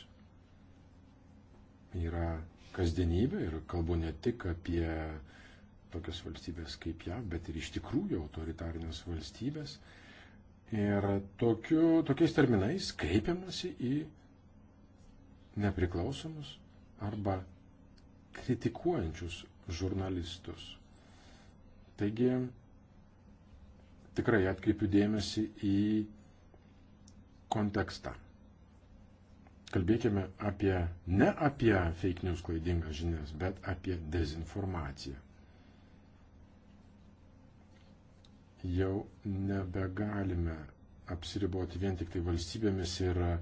yra kasdienybė ir kalbu ne tik apie tokias valstybės kaip ją, bet ir iš tikrųjų autoritarinės valstybės. Ir tokiu, tokiais terminais kreipiamasi į nepriklausomus arba kritikuojančius žurnalistus. Taigi tikrai atkreipiu dėmesį į kontekstą. Kalbėkime apie, ne apie fake news klaidingas žinias, bet apie dezinformaciją. Jau nebegalime apsiriboti vien tik tai valstybėmis ir uh,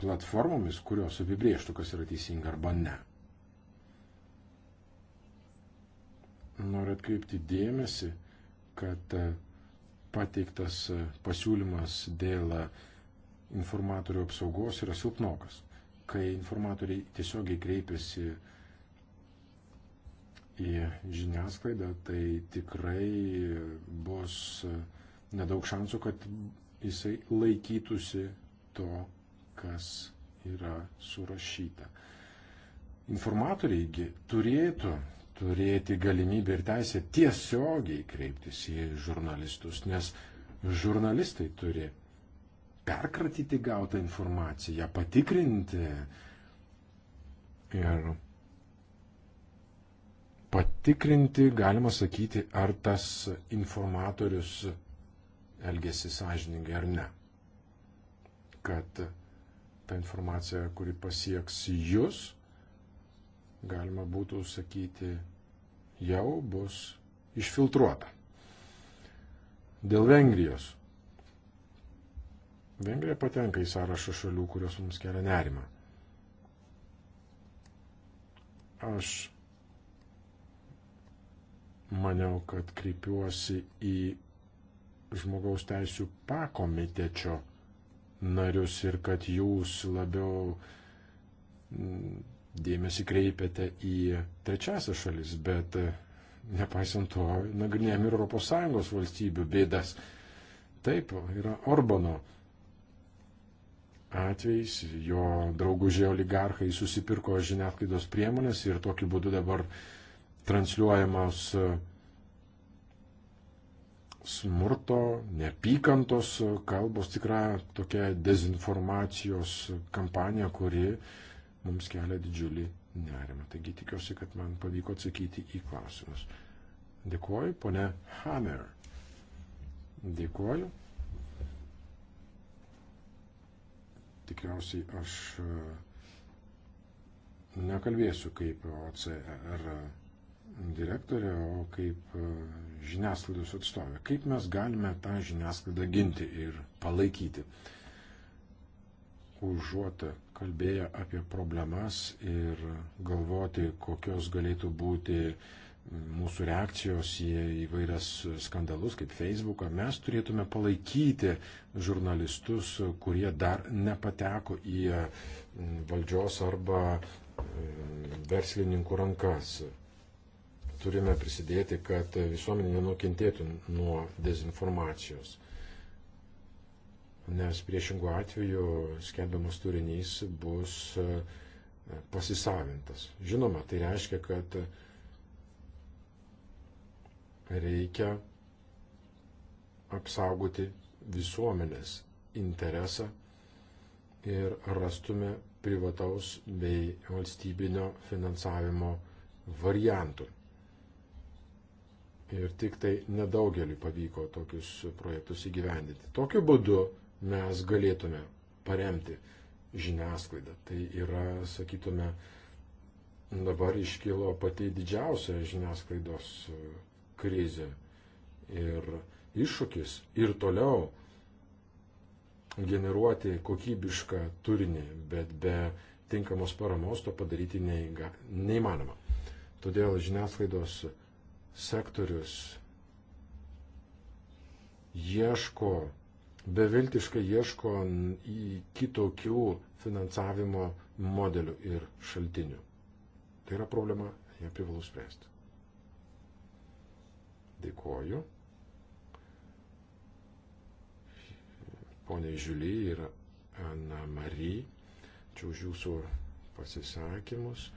platformomis, kurios apibrieštų, kas yra teisinga arba ne. Noriu atkreipti dėmesį, kad e, pateiktas e, pasiūlymas dėl e, informatorių apsaugos yra silpnokas, kai informatoriai tiesiogiai kreipiasi į žiniasklaidą, tai tikrai bus nedaug šansų, kad jisai laikytųsi to kas yra surašyta. Informatoriai turėtų turėti galimybę ir teisę tiesiogiai kreiptis į žurnalistus, nes žurnalistai turi perkratyti gautą informaciją, patikrinti ir patikrinti, galima sakyti, ar tas informatorius elgesi sąžiningai ar ne. Kad ta informacija, kuri pasieks jūs, galima būtų sakyti, jau bus išfiltruota. Dėl Vengrijos. Vengrija patenka į sąrašą šalių, kurios mums kelia nerimą. Aš maniau, kad kreipiuosi į žmogaus teisų pakomitečio narius ir kad jūs labiau mm, dėmesį kreipiate į trečiasias šalis, bet e, nepaisant to nagrinėjame ir ES valstybių bėdas. Taip, yra Orbano atvejais, jo draugužiai oligarchai susipirko žiniasklaidos priemonės ir tokiu būdu dabar transliuojamos smurto, neapykantos kalbos tikra tokia dezinformacijos kampanija, kuri mums kelia didžiulį nerimą. Taigi tikiuosi, kad man pavyko atsakyti į klausimus. Dėkuoju, ponė Hammer. Dėkuoju. Tikriausiai aš e, nekalbėsiu kaip OCR direktorė, o kaip e, žiniasklaidos atstovė. Kaip mes galime tą žiniasklaidą ginti ir palaikyti? Užuot kalbėję apie problemas ir galvoti, kokios galėtų būti mūsų reakcijos į įvairias skandalus, kaip Facebooką, mes turėtume palaikyti žurnalistus, kurie dar nepateko į valdžios arba verslininkų rankas turime prisidėti, kad visuomenė nenukentėtų nuo dezinformacijos. Nes priešingų atveju skelbiamas turinys bus e, pasisavintas. Žinoma, tai reiškia, kad reikia apsaugoti visuomenės interesą ir rastume privataus bei valstybinio finansavimo variantų ir tik tai nedaugelį pavyko tokius projektus įgyvendinti. Tokiu būdu mes galėtume paremti žiniasklaidą. Tai yra, sakytume, dabar iškilo pati didžiausia žiniasklaidos e, krizė ir iššūkis ir toliau generuoti kokybišką turinį, bet be tinkamos paramos to padaryti neįga, neįmanoma. Todėl žiniasklaidos sektorius ieško, beviltiškai ieško į kitokių finansavimo modelių ir šaltinių. Tai yra problema, ją privalu spręsti. Dėkoju. Pone Žiulį ir Ana Mary, čia už jūsų pasisakymus.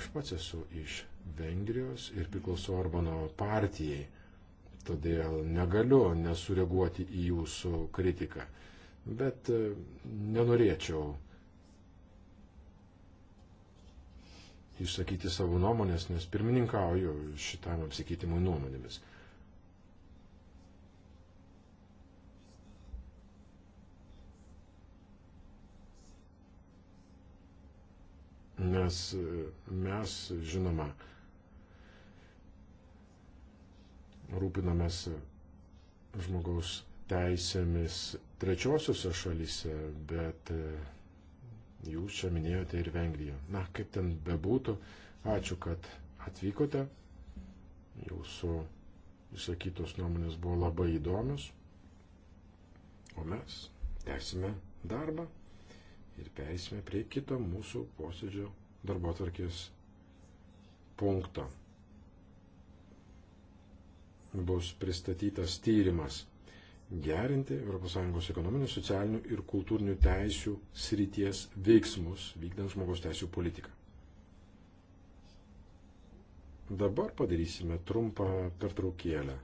Aš pats esu iš Vengrijos ir priklausau Orbano partijai. Todėl negaliu nesureaguoti į jūsų kritiką. Bet e, nenorėčiau išsakyti savo nuomonės, nes pirmininkauju šitam apsikeitimui nuomonėmis. Nes e, mes, žinoma, rūpinamas žmogaus teisėmis trečiosiuose šalyse, bet e, jūs čia minėjote ir Vengriją. Na, kaip ten bebūtų, ačiū, kad atvykote. Jūsų išsakytos nuomonės buvo labai įdomios. O mes tęsime darbą ir peisime prie kito mūsų posėdžio darbo tvarkės punkto bus pristatytas tyrimas gerinti ES ekonominių, socialinių ir kultūrinių teisių srities veiksmus vykdant žmogaus teisų politiką. Dabar padarysime trumpą pertraukėlę.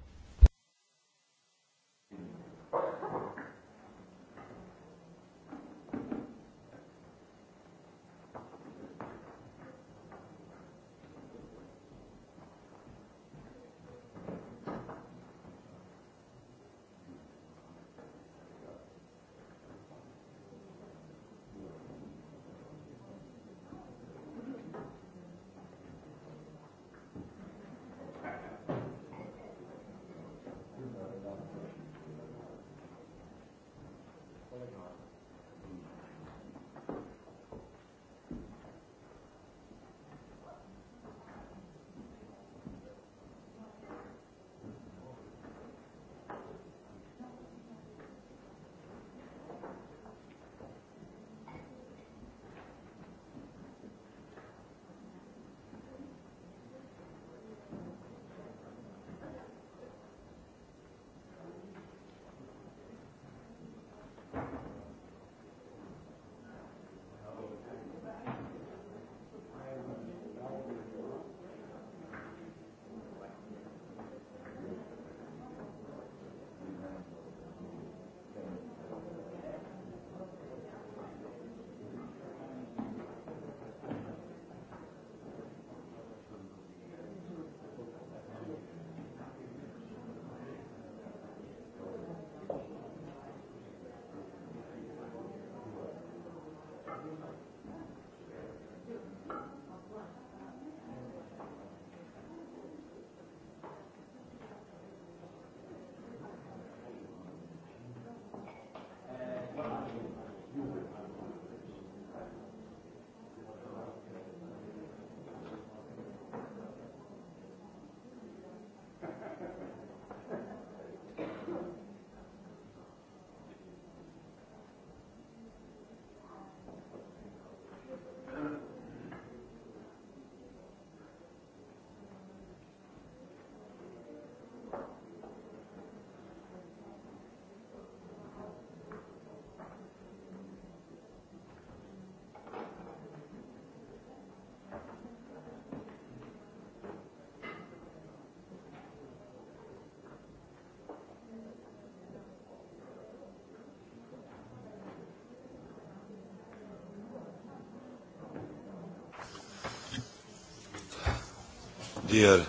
Dear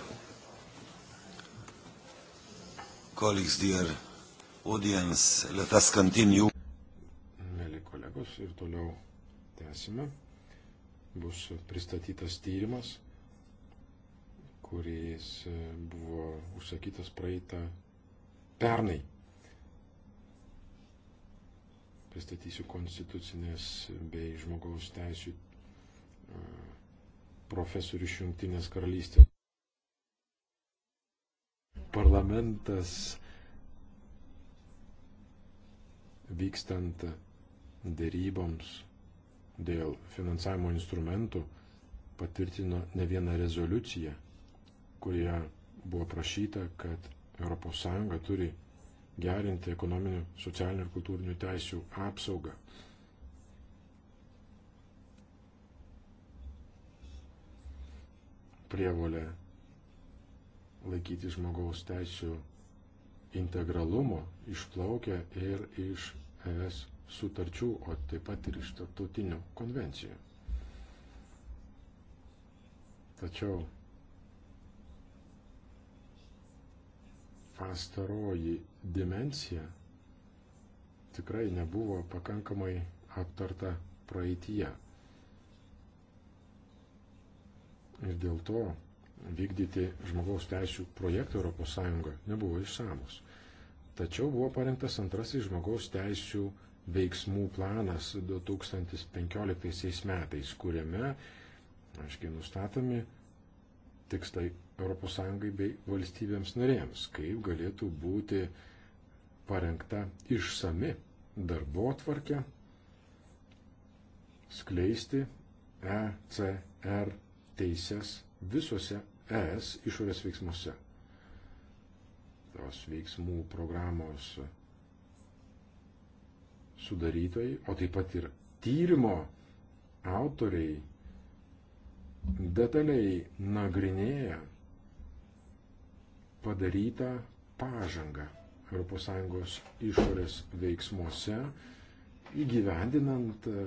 colleagues, dear audience, let us continue. Mėly kolegos, ir toliau tęsime. Bus pristatytas tyrimas, kuris e, buvo užsakytas praeitą pernai pristatysiu konstitucinės bei žmogaus teisų e, profesorius Junktinės karalystės parlamentas vykstant dėryboms dėl finansavimo instrumentų patvirtino ne vieną rezoliuciją, kurioje buvo prašyta, kad ES turi gerinti ekonominių, socialinių ir kultūrinių teisių apsaugą. Prievolė laikyti žmogaus teisų integralumo išplaukia ir iš ES sutarčių, o taip pat ir iš tarptautinių konvencijų. Tačiau pastaroji dimensija tikrai nebuvo pakankamai aptarta praeitie. Ir dėl to vykdyti žmogaus teisų projektą ES nebuvo išsamus. Tačiau buvo parengtas antrasis žmogaus teisų veiksmų planas 2015 metais, kuriame, aiškiai, nustatomi tikslai ES bei valstybėms narėms, kaip galėtų būti parengta išsami darbo tvarkė, skleisti ECR teises visose ES išorės veiksmuose. Tos veiksmų programos sudarytojai, o taip pat ir tyrimo autoriai detaliai nagrinėja padarytą pažangą ES išorės veiksmuose įgyvendinant e,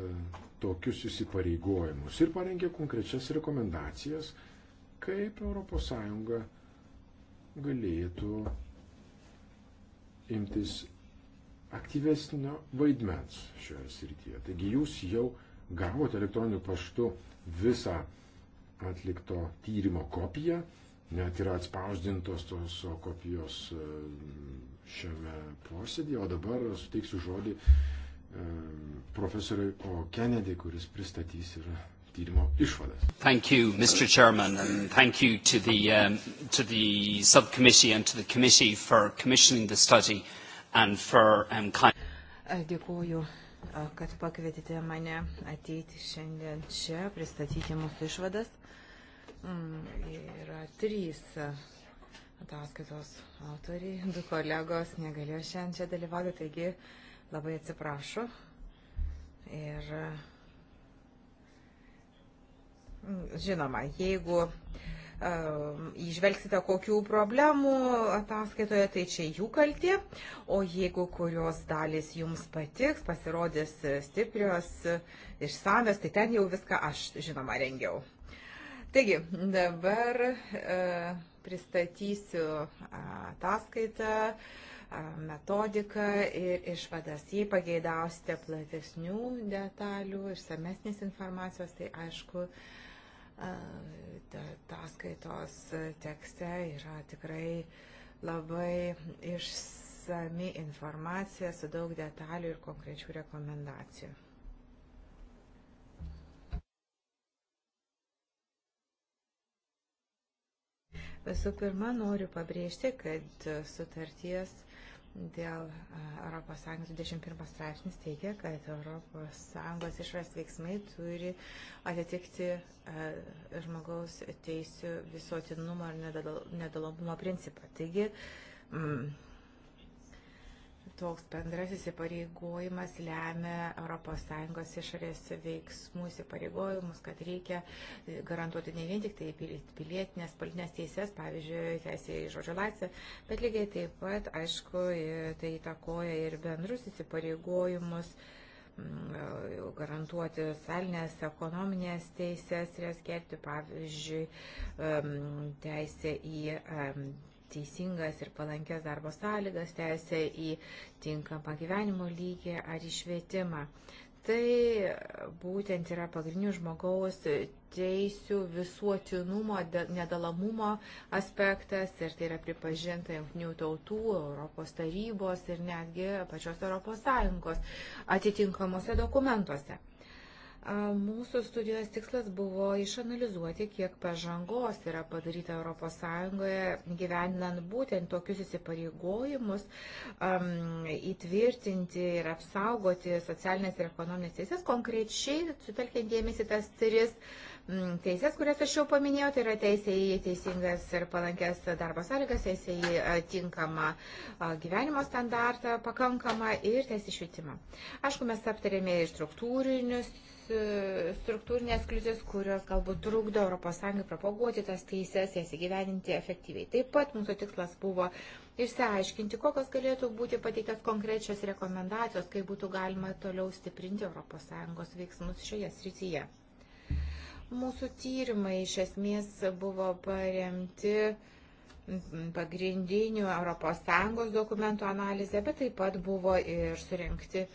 tokius įsipareigojimus ir parengė konkrečias rekomendacijas kaip ES galėtų imtis aktyvesnio vaidmens šioje srityje. Taigi jūs jau gavote elektroniniu paštu visą atlikto tyrimo kopiją, net yra atspausdintos tos kopijos e, šiame posėdėje, o dabar suteiksiu žodį e, profesoriui O'Kennedy, kuris pristatys ir tyrimo išvadas. Thank you, Mr. Chairman, and thank you to the, um, to the subcommittee and to the committee for commissioning the study and for um, kind... Dėkuoju, kad pakvietėte mane ateiti šiandien čia, pristatyti mūsų išvadas. Mm, yra trys ataskaitos autoriai, du kolegos negalėjo šiandien čia dalyvauti, taigi labai atsiprašau. Ir uh, Žinoma, jeigu e, Įžvelgsite kokių problemų ataskaitoje, tai čia jų kalti, o jeigu kurios dalis jums patiks, pasirodys stiprios, išsames, tai ten jau viską aš, žinoma, rengiau. Taigi, dabar e, pristatysiu ataskaitą, e, metodiką ir išvadas. Jei pageidausite platesnių detalių, išsamesnės informacijos, tai aišku, e, Taskaitos tekste yra tikrai labai išsami informacija su daug detalių ir konkrečių rekomendacijų. Visų pirma, noriu pabrėžti, kad sutarties dėl ES 21 straipsnis teigia, kad ES išras veiksmai turi atitikti žmogaus teisų visuotinumo ir nedalomumo principą. Taigi, mm, toks bendrasis įpareigojimas lemia ES išorės veiksmų įpareigojimus, kad reikia garantuoti ne vien tik tai pilietinės politinės teises, pavyzdžiui, teisė į žodžio laisvę, bet lygiai taip pat, aišku, tai įtakoja ir bendrus įsipareigojimus mm, garantuoti socialinės, ekonominės teisės ir skelbti, pavyzdžiui, teisę į teisingas ir palankės darbo sąlygas, teisę į tinkamą gyvenimo lygį ar išvietimą. Tai būtent yra pagrindinių žmogaus teisių visuotinumo, nedalamumo aspektas ir tai yra pripažinta jungtinių tautų, Europos tarybos ir netgi pačios Europos Sąjungos atitinkamuose dokumentuose. Mūsų studijos tikslas buvo išanalizuoti, kiek pažangos yra padaryta ES gyveninant būtent tokius įsipareigojimus um, įtvirtinti ir apsaugoti socialinės ir ekonominės teisės, konkrečiai sutelkiant dėmesį tas tris um, teisės, kurias aš jau paminėjau, tai yra teisė į teisingas ir palankės darbo sąlygas, teisė į tinkamą gyvenimo standartą, pakankamą ir teisė švietimą. Aišku, mes aptarėme ir struktūrinius E, struktūrinės kliūtis, kurios galbūt trukdo ES propaguoti tas teises, jas įgyveninti efektyviai. Taip pat mūsų tikslas buvo išsiaiškinti, kokios galėtų būti pateiktas konkrečios rekomendacijos, kaip būtų galima toliau stiprinti ES veiksmus šioje srityje. Mūsų tyrimai iš esmės buvo paremti pagrindinių ES dokumentų analizė, bet taip pat buvo ir surinkti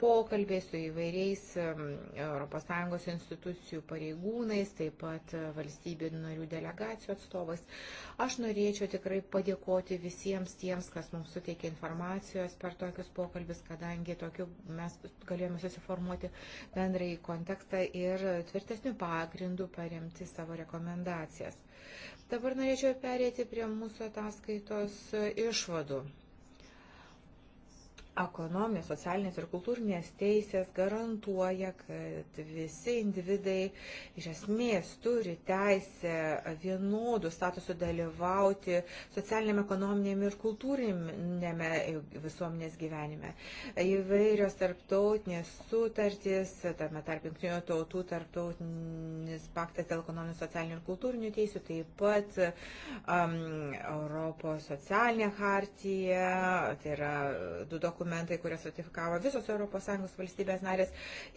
pokalbiai su įvairiais ES institucijų pareigūnais, taip pat e, valstybių narių delegacijų atstovais. Aš norėčiau tikrai padėkoti visiems tiems, kas mums suteikė informacijos per tokius pokalbis, kadangi tokiu mes galėjome susiformuoti bendrai kontekstą ir tvirtesnių pagrindų paremti savo rekomendacijas. Dabar norėčiau perėti prie mūsų ataskaitos e, išvadų ekonominės, socialinės ir kultūrinės teisės garantuoja, kad visi individai iš esmės turi teisę vienodų statusų dalyvauti socialiniam, ekonominiam ir kultūrinėme visuomenės gyvenime. Įvairios tarptautinės sutartys, tame tarp jungtinių tautų tarptautinis paktas dėl ekonominių, socialinių ir kultūrinių teisų, taip pat um, Europos socialinė hartija, tai yra du dokumentai dokumentai, kurias ratifikavo visos ES valstybės narės,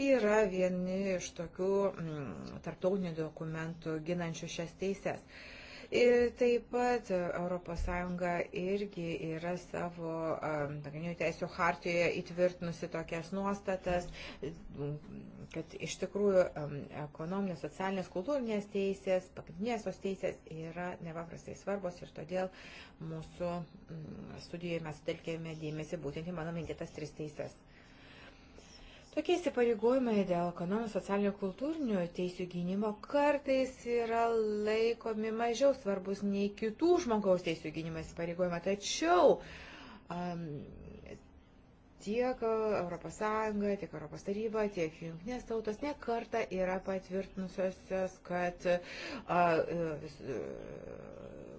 yra vieni iš tokių mm, tarptautinių dokumentų ginančių šias teises. Ir taip pat ES irgi yra savo e, pagrindinių teisų hartijoje įtvirtinusi tokias nuostatas. Mm, kad iš tikrųjų ekonominės, socialinės, kultūrinės teisės, pagrindinės tos teisės yra nepaprastai svarbos ir todėl mūsų studijoje mes sutelkėme dėmesį būtent į mano minėtas tris teisės. Tokie įsipareigojimai dėl ekonominių, socialinių, kultūrinių teisų gynimo kartais yra laikomi mažiau svarbus nei kitų žmogaus teisų gynimo įsipareigojimai. Tačiau um, tiek ES, tiek ES taryba, tiek jungtinės tautos nekarta yra patvirtinusios, kad a, e, e,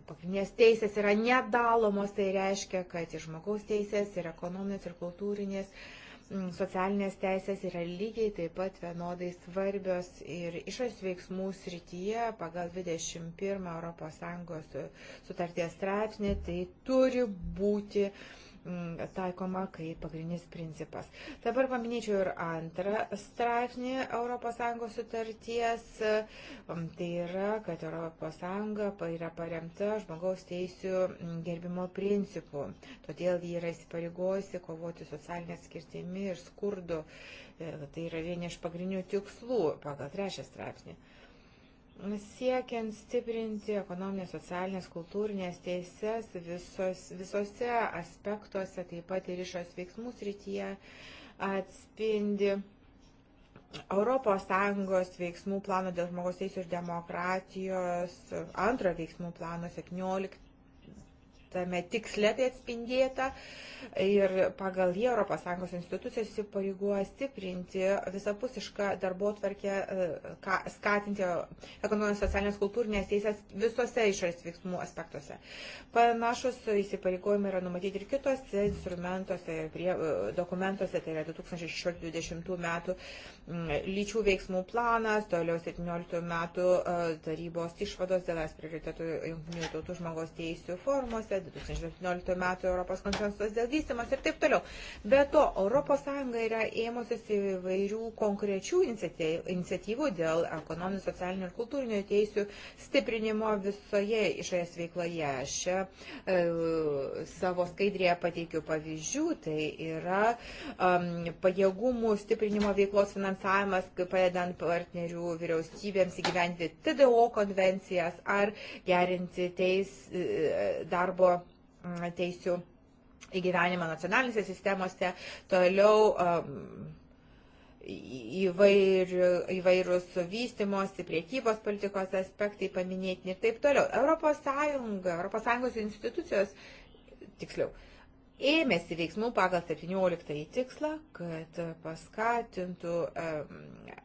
pagrindinės teisės yra nedalomos, tai reiškia, kad ir žmogaus teisės, ir ekonominės, ir kultūrinės socialinės teisės yra lygiai taip pat vienodai svarbios ir išorės veiksmų srityje pagal 21 ES sutarties straipsnį tai turi būti uh, taikoma kaip pagrindinis principas. Dabar paminėčiau ir antrą straipsnį ES sutarties. Tai yra, kad ES yra paremta žmogaus teisų gerbimo principu. Todėl jį yra įsipareigojusi kovoti socialinę skirtimį ir skurdu. E, tai yra vieni iš pagrindinių tikslų pagal trečią straipsnį. Siekiant stiprinti ekonominės, socialinės, kultūrinės teises visos, visose aspektuose, taip pat ir išos veiksmų srityje, atspindi ES veiksmų plano dėl žmogaus teisų ir demokratijos, antro veiksmų plano 17 tame tiksle tai atspindėta ir pagal jį ES institucijos įsipareigoja stiprinti visapusišką darbo tvarkę, e, skatinti ekonominės, socialinės, kultūrinės teisės visose išorės veiksmų aspektuose. Panašus įsipareigojimai yra numatyti ir kitose instrumentuose, prie, e, dokumentuose, tai yra 2016-2020 metų lyčių veiksmų planas, toliau 17 metų e, tarybos išvados dėl es prioritetų jungtinių tautų žmogaus teisų formuose, 2017 metų Europos konsensus dėl vystimas ir taip toliau. Be to, ES yra ėmusis įvairių konkrečių iniciatyvų dėl ekonominių, socialinių ir kultūrinių teisių stiprinimo visoje išorės veikloje. Aš e, savo skaidrėje pateikiu pavyzdžių, tai yra um, pajėgumų stiprinimo veiklos finansavimas, padedant partnerių vyriausybėms įgyventi TDO konvencijas ar gerinti teis e, darbo Mm, teisių įgyvenimą nacionalinėse sistemose, toliau um, įvair, įvairūs vystimosi, priekybos politikos aspektai paminėtini ir taip toliau. Europos Sąjunga, Europos Sąjungos institucijos, tiksliau, ėmėsi veiksmų pagal 17 tikslą, kad paskatintų, um,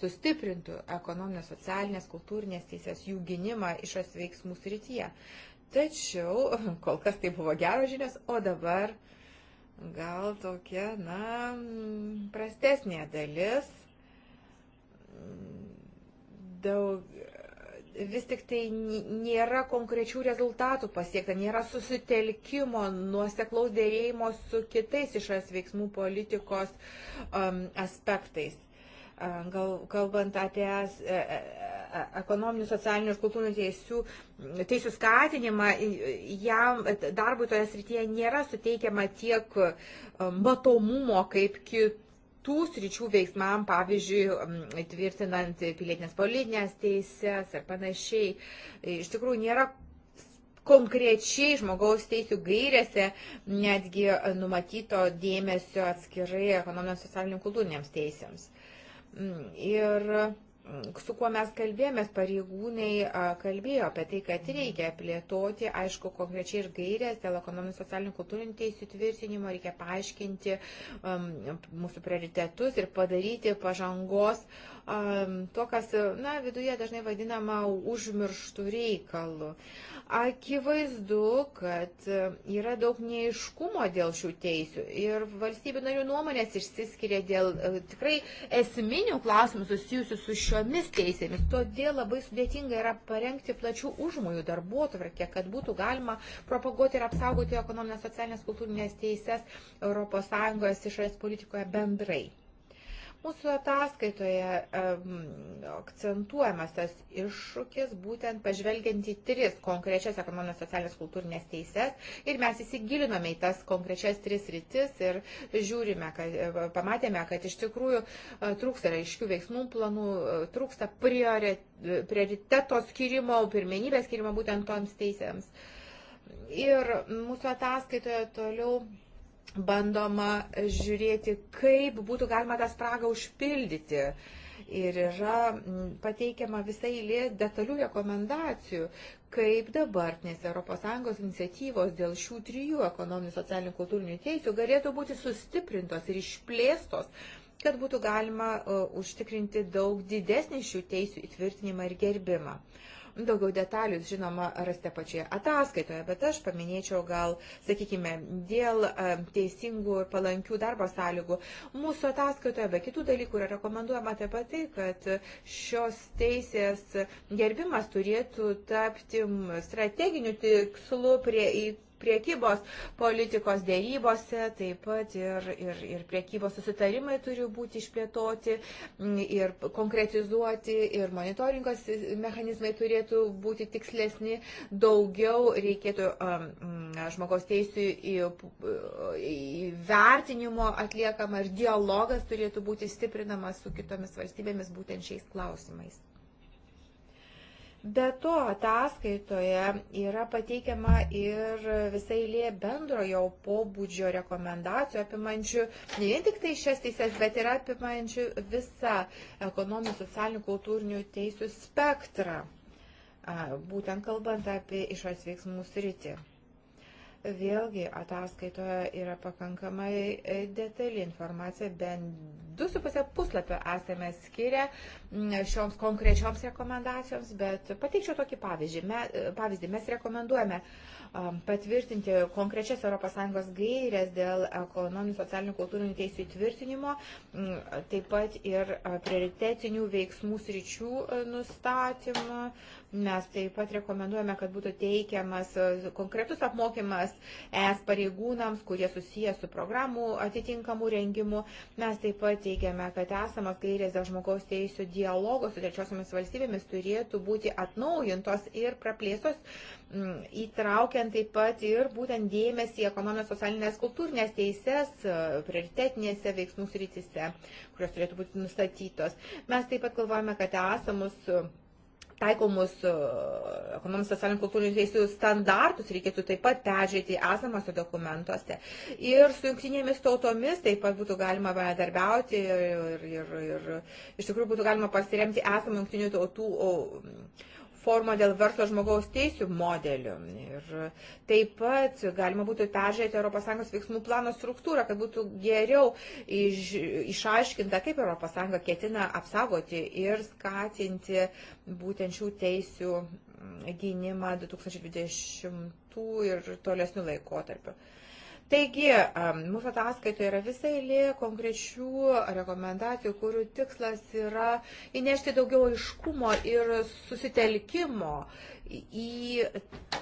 sustiprintų ekonominės, socialinės, kultūrinės teisės jų gynimą išas veiksmų srityje. Tačiau kol kas tai buvo geros žinios, o dabar gal tokia, na, prastesnė dalis. Daug, vis tik tai nėra konkrečių rezultatų pasiekta, nėra susitelkimo, nuoseklaus dėrėjimo su kitais išras veiksmų politikos um, aspektais gal, kalbant apie ekonominių, socialinių ir kultūrinių teisų, teisų skatinimą, jam darbui toje srityje nėra suteikiama tiek matomumo kaip kitų tų sričių veiksmam, pavyzdžiui, tvirtinant pilietinės politinės teises ir panašiai, iš tikrųjų nėra konkrečiai žmogaus teisų gairėse netgi numatyto dėmesio atskirai ekonominio socialinių kultūrinėms teisėms. Ir mm, su kuo mes kalbėjomės, pareigūnai kalbėjo apie tai, kad reikia plėtoti, aišku, konkrečiai ir gairės dėl ekonominių, socialinių, kultūrinių teisų tvirtinimo, reikia paaiškinti um, mūsų prioritetus ir padaryti pažangos uh, to, kas na, viduje dažnai vadinama užmirštų reikalų. Akivaizdu, kad yra daug neiškumo dėl šių teisių ir valstybių narių nuomonės išsiskiria dėl e, tikrai esminių klausimų susijusių su šiomis teisėmis. Todėl labai sudėtinga yra parengti plačių užmojų darbuotvarkę, kad būtų galima propaguoti ir apsaugoti ekonominės, socialinės, kultūrinės teises ES išorės politikoje bendrai. Mūsų ataskaitoje um, akcentuojamas tas iššūkis, būtent pažvelgiant į tris konkrečias ekonominės socialinės kultūrinės teises ir mes įsigilinome į tas konkrečias tris rytis ir žiūrime, kad, e, pamatėme, kad iš tikrųjų e, trūksta aiškių veiksmų planų, e, trūksta prioriteto skirimo, pirmenybės skirimo būtent toms teisėms. Ir mūsų ataskaitoje toliau bandoma žiūrėti, kaip būtų galima tą spragą užpildyti. Ir yra pateikiama visai lė detalių rekomendacijų, kaip dabartinės ES iniciatyvos dėl šių trijų ekonominių, socialinių, kultūrinių teisių galėtų būti sustiprintos ir išplėstos, kad būtų galima uh, užtikrinti daug didesnį šių teisių įtvirtinimą ir gerbimą. Uh, Daugiau detalių, žinoma, rasite pačioje ataskaitoje, bet aš paminėčiau gal, sakykime, dėl e, teisingų ir palankių darbo sąlygų. Mūsų ataskaitoje be kitų dalykų yra rekomenduojama taip pat tai, kad šios teisės gerbimas turėtų tapti strateginiu tikslu prie į priekybos politikos dėrybose, taip pat ir, ir, ir priekybos susitarimai turi būti išplėtoti ir konkretizuoti, ir monitoringos mechanizmai turėtų būti tikslesni, daugiau reikėtų žmogaus teisų įvertinimo atliekama ir dialogas turėtų būti stiprinamas su kitomis valstybėmis būtent šiais klausimais. Be to, ataskaitoje yra pateikiama ir visai lė bendrojo pobūdžio rekomendacijų apimančių ne vien tik tai šias teises, bet ir apimančių visą ekonominių, socialinių, kultūrinių teisų spektrą, būtent kalbant apie išorės veiksmų sritį. Vėlgi ataskaitoje yra pakankamai e, detali informacija, bent 2,5 puslapio esame skiria šioms konkrečioms rekomendacijoms, bet pateikčiau tokį pavyzdį. Me, e, pavyzdį. Mes rekomenduojame patvirtinti konkrečias ES gairias dėl ekonominių, socialinių, kultūrinių teisų įtvirtinimo, taip pat ir prioritetinių veiksmų sričių e, nustatymą Mes taip pat rekomenduojame, kad būtų teikiamas e, konkretus apmokymas ES pareigūnams, kurie susiję su programų atitinkamų rengimu. Mes taip pat teigiame, kad esamas gairės dėl žmogaus teisų dialogo su trečiosiamis valstybėmis turėtų būti atnaujintos ir praplėstos, įtraukiant taip pat ir būtent dėmesį ekonominės, socialinės, kultūrinės teises e, prioritetinėse veiksmų srityse, kurios turėtų būti nustatytos. Mes taip pat galvojame, kad esamus taikomus e, ekonominius socialinių kultūrinių teisų standartus reikėtų taip pat peržiūrėti esamose dokumentuose. Ir su jungtinėmis tautomis taip pat būtų galima bendarbiauti ir, ir, ir iš tikrųjų būtų galima pasiremti esamų jungtinių tautų formą dėl verslo žmogaus teisų modelių. Ir taip pat galima būtų peržiūrėti ES veiksmų plano struktūrą, kad būtų geriau iš, išaiškinta, kaip ES ketina apsaugoti ir skatinti būtent šių teisių gynimą 2020 ir tolesnių laikotarpių. Taigi, mūsų ataskaitoje yra visai lė konkrečių rekomendacijų, kurių tikslas yra įnešti daugiau aiškumo ir susitelkimo į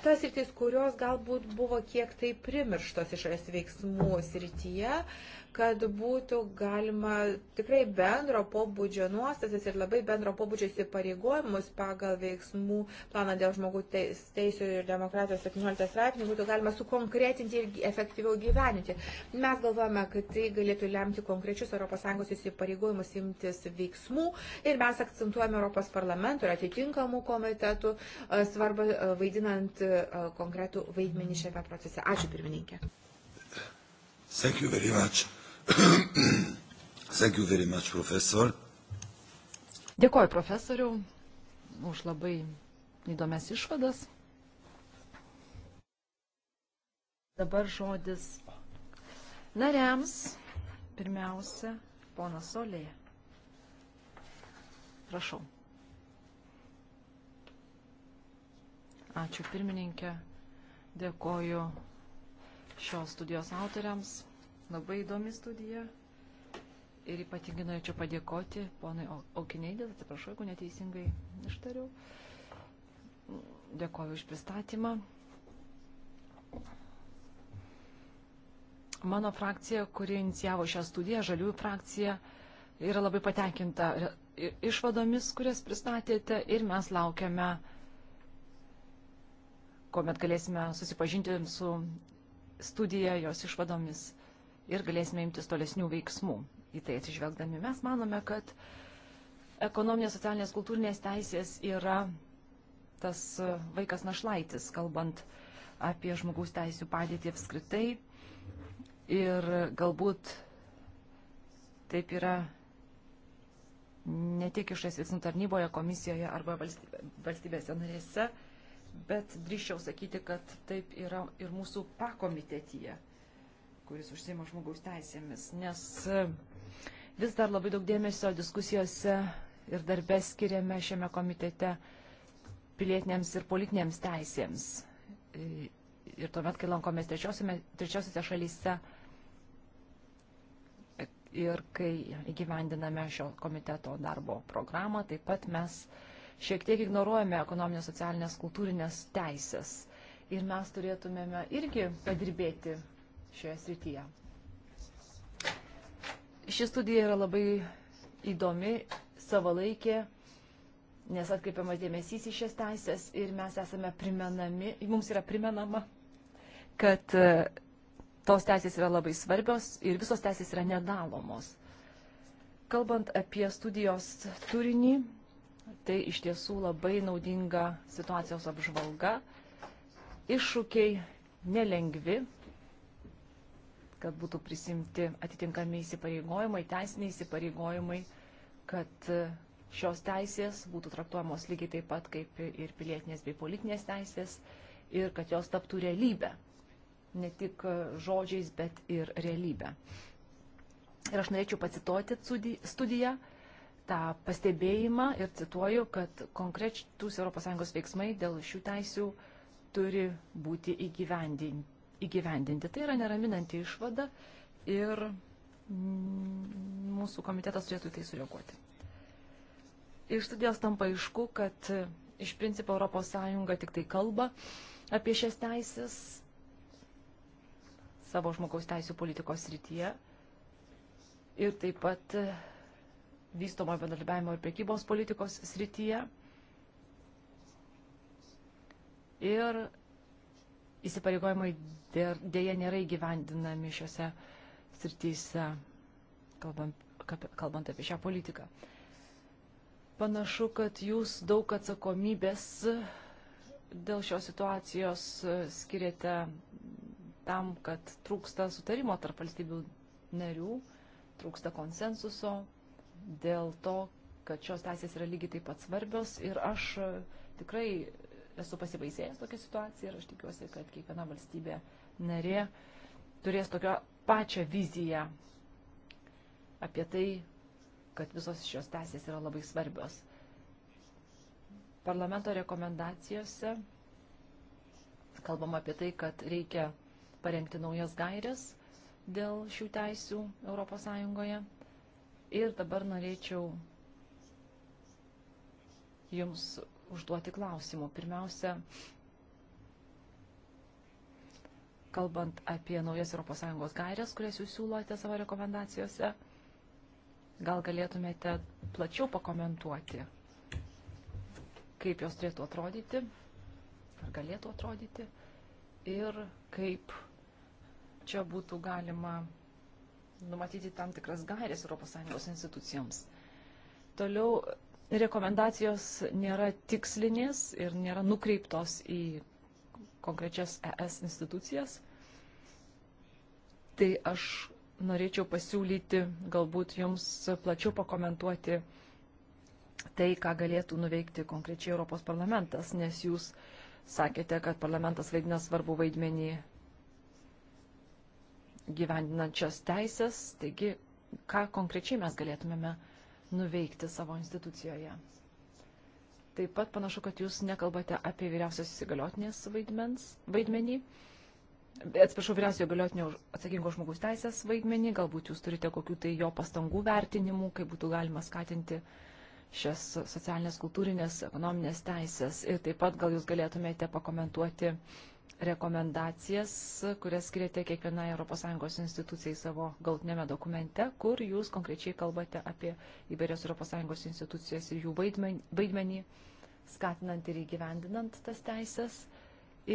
tas rytis, kurios galbūt buvo kiek tai primirštos išorės veiksmų srityje, kad būtų galima tikrai bendro pobūdžio nuostatas ir labai bendro pobūdžio įsipareigojimus pagal veiksmų planą dėl žmogų teisų ir demokratijos 17 straipsnių būtų galima sukonkretinti ir efektyviau gyveninti. Mes galvojame, kad tai galėtų lemti konkrečius ES įsipareigojimus imtis veiksmų ir mes akcentuojame ES parlamento ir atitinkamų komitetų svarbu svarbą e, vaidinant e, konkretų vaidmenį šiame procese. Ačiū pirmininkė. Thank you very much. Thank you very much, profesor. Dėkoju profesoriau už labai įdomias išvadas. Dabar žodis nariams. Pirmiausia, ponas Solė. Prašau. Ačiū pirmininkė. Dėkoju šios studijos autoriams. Labai įdomi studija. Ir ypatingai norėčiau padėkoti ponui Aukineidėl, atsiprašau, jeigu neteisingai ištariau. Dėkoju už pristatymą. Mano frakcija, kuri inicijavo šią studiją, žaliųjų frakcija, yra labai patenkinta išvadomis, kurias pristatėte ir mes laukiame uh, kuomet galėsime susipažinti su studija, jos išvadomis ir galėsime imtis tolesnių veiksmų. Į tai atsižvelgdami mes manome, kad ekonominės, socialinės, kultūrinės teisės yra tas vaikas našlaitis, kalbant apie žmogaus teisų padėtį apskritai. Ir galbūt taip yra ne tik iš esvėsnių tarnyboje, komisijoje arba valstybėse narėse. Valstybės bet drįščiau sakyti, kad taip yra ir mūsų pakomitetyje, kuris užsima žmogaus teisėmis, nes e, vis dar labai daug dėmesio diskusijose ir darbę skiriame šiame komitete pilietinėms ir politinėms teisėms. E, ir tuomet, kai lankomės trečiosiuose šalyse ir kai įgyvendiname šio komiteto darbo programą, taip pat mes uh, šiek tiek ignoruojame ekonominės, socialinės, kultūrinės teisės. Ir mes turėtumėme irgi padirbėti šioje srityje. Ši studija yra labai įdomi, savalaikė, nes atkreipiamas dėmesys į šias teisės ir mes esame primenami, mums yra primenama, kad e, tos teisės yra labai svarbios ir visos teisės yra nedalomos. Kalbant apie studijos turinį, Tai iš tiesų labai naudinga situacijos apžvalga. Iššūkiai nelengvi, kad būtų prisimti atitinkami įsipareigojimai, teisiniai įsipareigojimai, kad šios teisės būtų traktuojamos lygiai taip pat kaip ir pilietinės bei politinės teisės ir kad jos taptų realybę. Ne tik žodžiais, bet ir realybę. Ir aš norėčiau pacituoti studiją tą pastebėjimą ir cituoju, kad konkrečius ES veiksmai dėl šių teisių turi būti įgyvendinti. Tai yra neraminanti išvada ir mm, mūsų komitetas turėtų tai sureaguoti. Iš studijos tampa aišku, kad iš principo ES tik tai kalba apie šias teisės savo žmogaus teisų politikos rytyje ir taip pat vystomo bendradarbiavimo ir priekybos politikos srityje. Ir įsipareigojimai dėja nėra įgyvendinami šiuose srityse, kalbant, kalbant apie šią politiką. Panašu, kad jūs daug atsakomybės dėl šios situacijos skiriate tam, kad trūksta sutarimo tarp valstybių narių, trūksta konsensuso, dėl to, kad šios teisės yra lygiai taip pat svarbios ir aš e, tikrai esu pasibaisėjęs tokią situaciją ir aš tikiuosi, kad kiekviena valstybė narė turės tokią pačią viziją apie tai, kad visos šios teisės yra labai svarbios. Parlamento rekomendacijose kalbam apie tai, kad reikia parengti naujas gairias dėl šių teisių ES Ir dabar norėčiau Jums užduoti klausimų. Pirmiausia, kalbant apie naujas ES gairias, kurias Jūs siūlote savo rekomendacijose, gal galėtumėte plačiau pakomentuoti, kaip jos turėtų atrodyti, ar galėtų atrodyti, ir kaip čia būtų galima numatyti tam tikras gairės ES institucijoms. Toliau rekomendacijos nėra tikslinės ir nėra nukreiptos į konkrečias ES institucijas. Tai aš norėčiau pasiūlyti galbūt jums plačiau pakomentuoti tai, ką galėtų nuveikti konkrečiai Europos parlamentas, nes jūs sakėte, kad parlamentas vaidina svarbu vaidmenį gyvendinančios teisės, taigi ką konkrečiai mes galėtumėme nuveikti savo institucijoje. Taip pat panašu, kad jūs nekalbate apie vyriausios įsigaliotinės vaidmens, vaidmenį, atsiprašau, vyriausiojo galiotinio atsakingo žmogus teisės vaidmenį, galbūt jūs turite kokių tai jo pastangų vertinimų, kaip būtų galima skatinti šias socialinės, kultūrinės, ekonominės teisės. Ir taip pat gal jūs galėtumėte pakomentuoti uh, rekomendacijas, kurias skiriate kiekvienai ES institucijai savo galtinėme dokumente, kur jūs konkrečiai kalbate apie įvairias ES institucijas ir jų vaidmenį, vaidmenį, skatinant ir įgyvendinant tas teisės.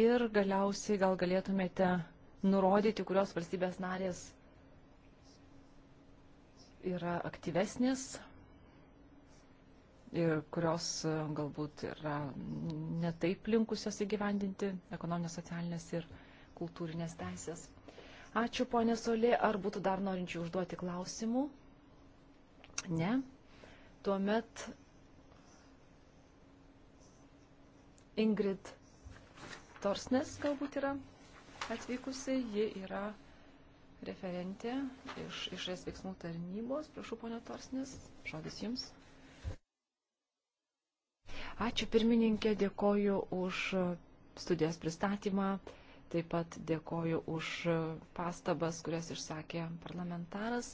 Ir galiausiai gal galėtumėte nurodyti, kurios valstybės narės yra aktyvesnės ir kurios e, galbūt yra netaip linkusios įgyvendinti ekonominės, socialinės ir kultūrinės teisės. Ačiū, ponė Solė. Ar būtų dar norinčių užduoti klausimų? Ne. Tuomet Ingrid Torsnes galbūt yra atvykusi. Ji yra referentė iš išrės veiksmų tarnybos. Prašau, ponė Torsnes, žodis jums. Ačiū pirmininkė, dėkoju už studijos pristatymą. Taip pat dėkoju už pastabas, kurias išsakė parlamentaras.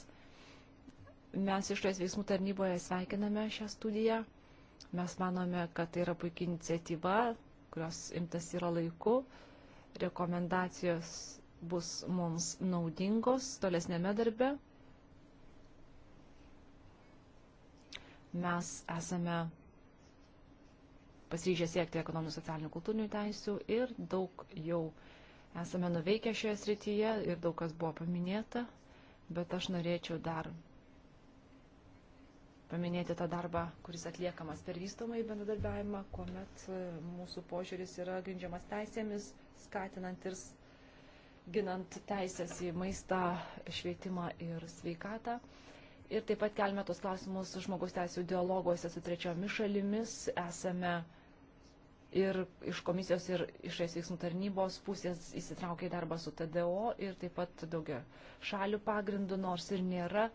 Mes iš ties veiksmų tarnyboje sveikiname šią studiją. Mes manome, kad tai yra puikia iniciatyva, kurios imtas yra laiku. Rekomendacijos bus mums naudingos tolesnėme darbe. Mes esame pasiryžę siekti ekonominių, socialinių, kultūrinių teisių ir daug jau esame nuveikę šioje srityje ir daug kas buvo paminėta, bet aš norėčiau dar paminėti tą darbą, kuris atliekamas per vystomą į bendradarbiavimą, kuomet e, mūsų požiūris yra grindžiamas teisėmis, skatinant ir ginant teisės į maistą, švietimą ir sveikatą. Ir taip pat kelme tos klausimus žmogaus teisų dialoguose su trečiomis šalimis. Esame uh, ir iš komisijos ir iš esveiksmų tarnybos pusės įsitraukia į darbą su TDO ir taip pat daugia šalių pagrindų, nors ir nėra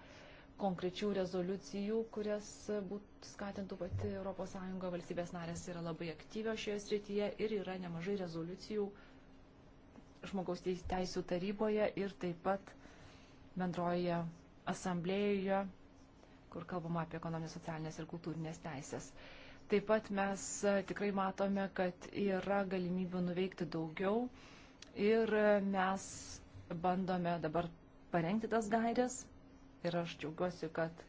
konkrečių rezoliucijų, kurias būt skatintų pati ES, valstybės narės yra labai aktyvios šioje srityje ir yra nemažai rezoliucijų žmogaus teisų taryboje ir taip pat bendroje asamblėjoje, kur kalbama apie ekonominės, socialinės ir kultūrinės teisės. Taip pat mes e, tikrai matome, kad yra galimybių nuveikti daugiau ir e, mes bandome dabar parengti tas gairės ir aš džiaugiuosi, kad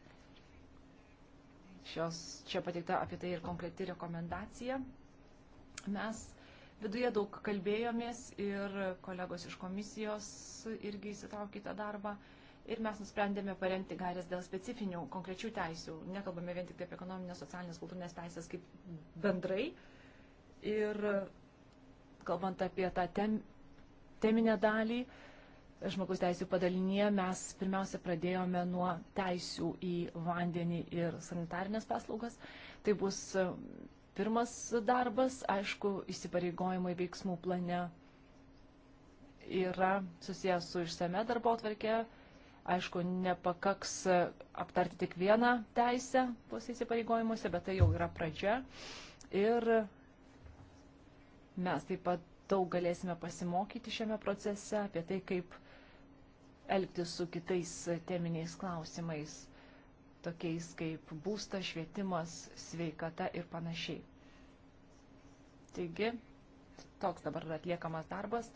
šios, čia pateikta apie tai ir konkreti rekomendacija. Mes viduje daug kalbėjomės ir kolegos iš komisijos irgi įsitraukė į tą darbą ir mes nusprendėme parengti gairias dėl specifinių konkrečių teisių. Nekalbame vien tik apie ekonominės, socialinės, kultūrinės teisės kaip bendrai. Ir kalbant apie tą tem, teminę dalį, žmogus teisų padalinėje mes pirmiausia pradėjome nuo teisių į vandenį ir sanitarinės paslaugas. Tai bus e, pirmas darbas, aišku, įsipareigojimai veiksmų plane yra susijęs su išsame darbo atvarkė Aišku, nepakaks aptarti tik vieną teisę tuose įsipareigojimuose, bet tai jau yra pradžia. Ir mes taip pat daug galėsime pasimokyti šiame procese apie tai, kaip elgtis su kitais teminiais klausimais, tokiais kaip būstas, švietimas, sveikata ir panašiai. Taigi, toks dabar yra atliekamas darbas.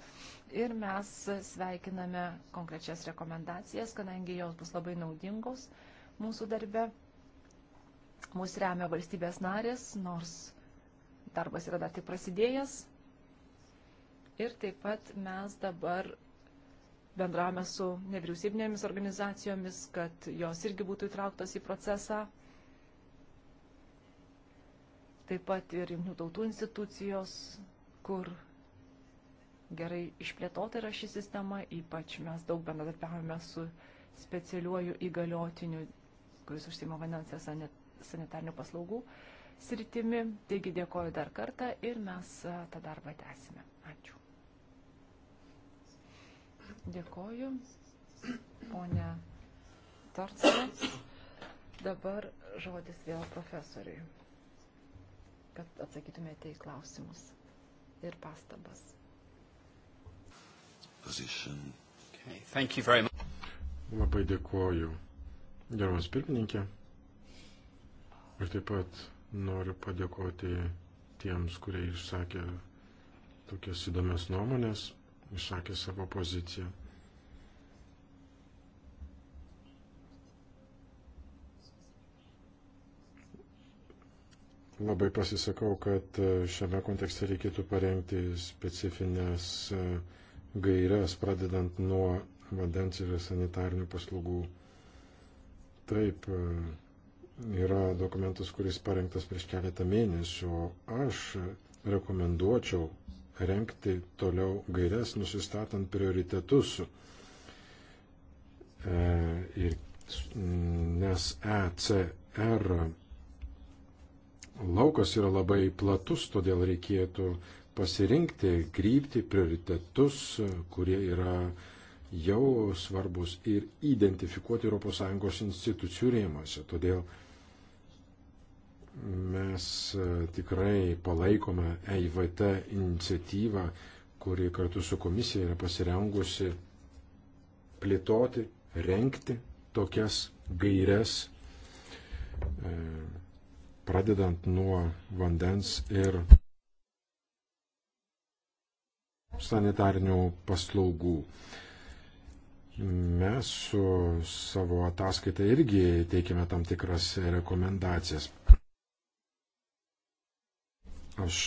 Ir mes sveikiname konkrečias rekomendacijas, kadangi jos bus labai naudingos mūsų darbe. Mūsų remia valstybės narės, nors darbas yra dar tik prasidėjęs. Ir taip pat mes dabar bendravome su nevyriausybinėmis organizacijomis, kad jos irgi būtų įtrauktos į procesą. Taip pat ir jungtinių tautų institucijos kur gerai išplėtota yra ši sistema, ypač mes daug bendradarbiavome su specialiuoju įgaliotiniu, kuris užsima vandens sanitarnių paslaugų sritimi. Taigi dėkoju dar kartą ir mes tą darbą tęsime. Ačiū. Dėkoju, ponė Torcelė. Dabar žodis vėl profesoriui, kad atsakytumėte į klausimus ir pastabas. Okay, Labai dėkuoju, gerbiamas pirmininkė. Ir taip pat noriu padėkoti tiems, kurie išsakė tokias įdomias nuomonės, išsakė savo poziciją. labai pasisakau, kad e, šiame kontekste reikėtų parengti specifines e, gairias, pradedant nuo vandens ir sanitarnių paslaugų. Taip, e, yra dokumentas, kuris parengtas prieš keletą mėnesių. Aš rekomenduočiau renkti toliau gairias, nusistatant prioritetus. E, ir, nes ECR laukas yra labai platus, todėl reikėtų pasirinkti krypti, prioritetus, kurie yra jau svarbus ir identifikuoti ES institucijų rėmose. Todėl mes e, tikrai palaikome EIVT iniciatyvą, kuri kartu su komisija yra pasirengusi plėtoti, renkti tokias gairias e, pradedant nuo vandens ir sanitarinių paslaugų. Mes su savo ataskaita irgi teikiame tam tikras rekomendacijas. Aš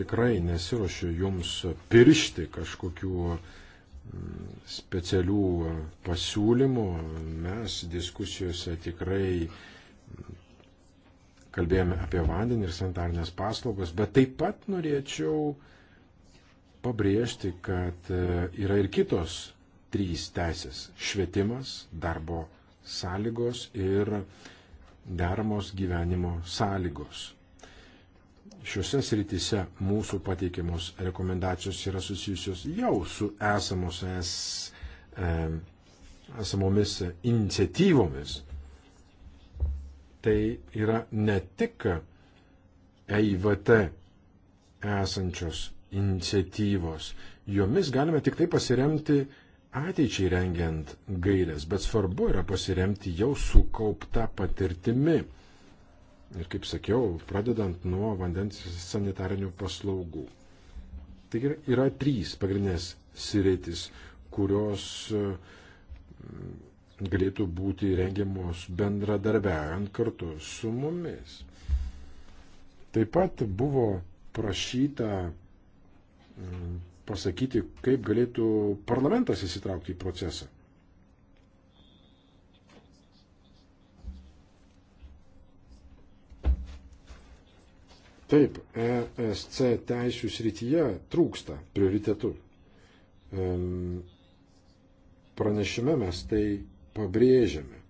tikrai nesiuošiu jums piršti kažkokių mm, specialių pasiūlymų. Mes diskusijose tikrai kalbėjome apie vandenį ir sanitarnės paslaugas, bet taip pat norėčiau pabrėžti, kad e, yra ir kitos trys teisės - švietimas, darbo sąlygos ir deramos gyvenimo sąlygos. Šiuose srityse mūsų pateikiamos rekomendacijos yra susijusios jau su esamos es, e, esamomis iniciatyvomis tai yra ne tik EIVT esančios iniciatyvos. Jomis galime tik tai pasiremti ateičiai rengiant gairias, bet svarbu yra pasiremti jau sukauptą patirtimi. Ir kaip sakiau, pradedant nuo vandens sanitarinių paslaugų. Tai yra, yra trys pagrindinės sritis, kurios galėtų būti rengiamos bendradarbiaujant kartu su mumis. Taip pat buvo prašyta mm, pasakyti, kaip galėtų parlamentas įsitraukti į procesą. Taip, ESC teisų srityje trūksta prioritetų. Pranešime mes tai pabrėžiame.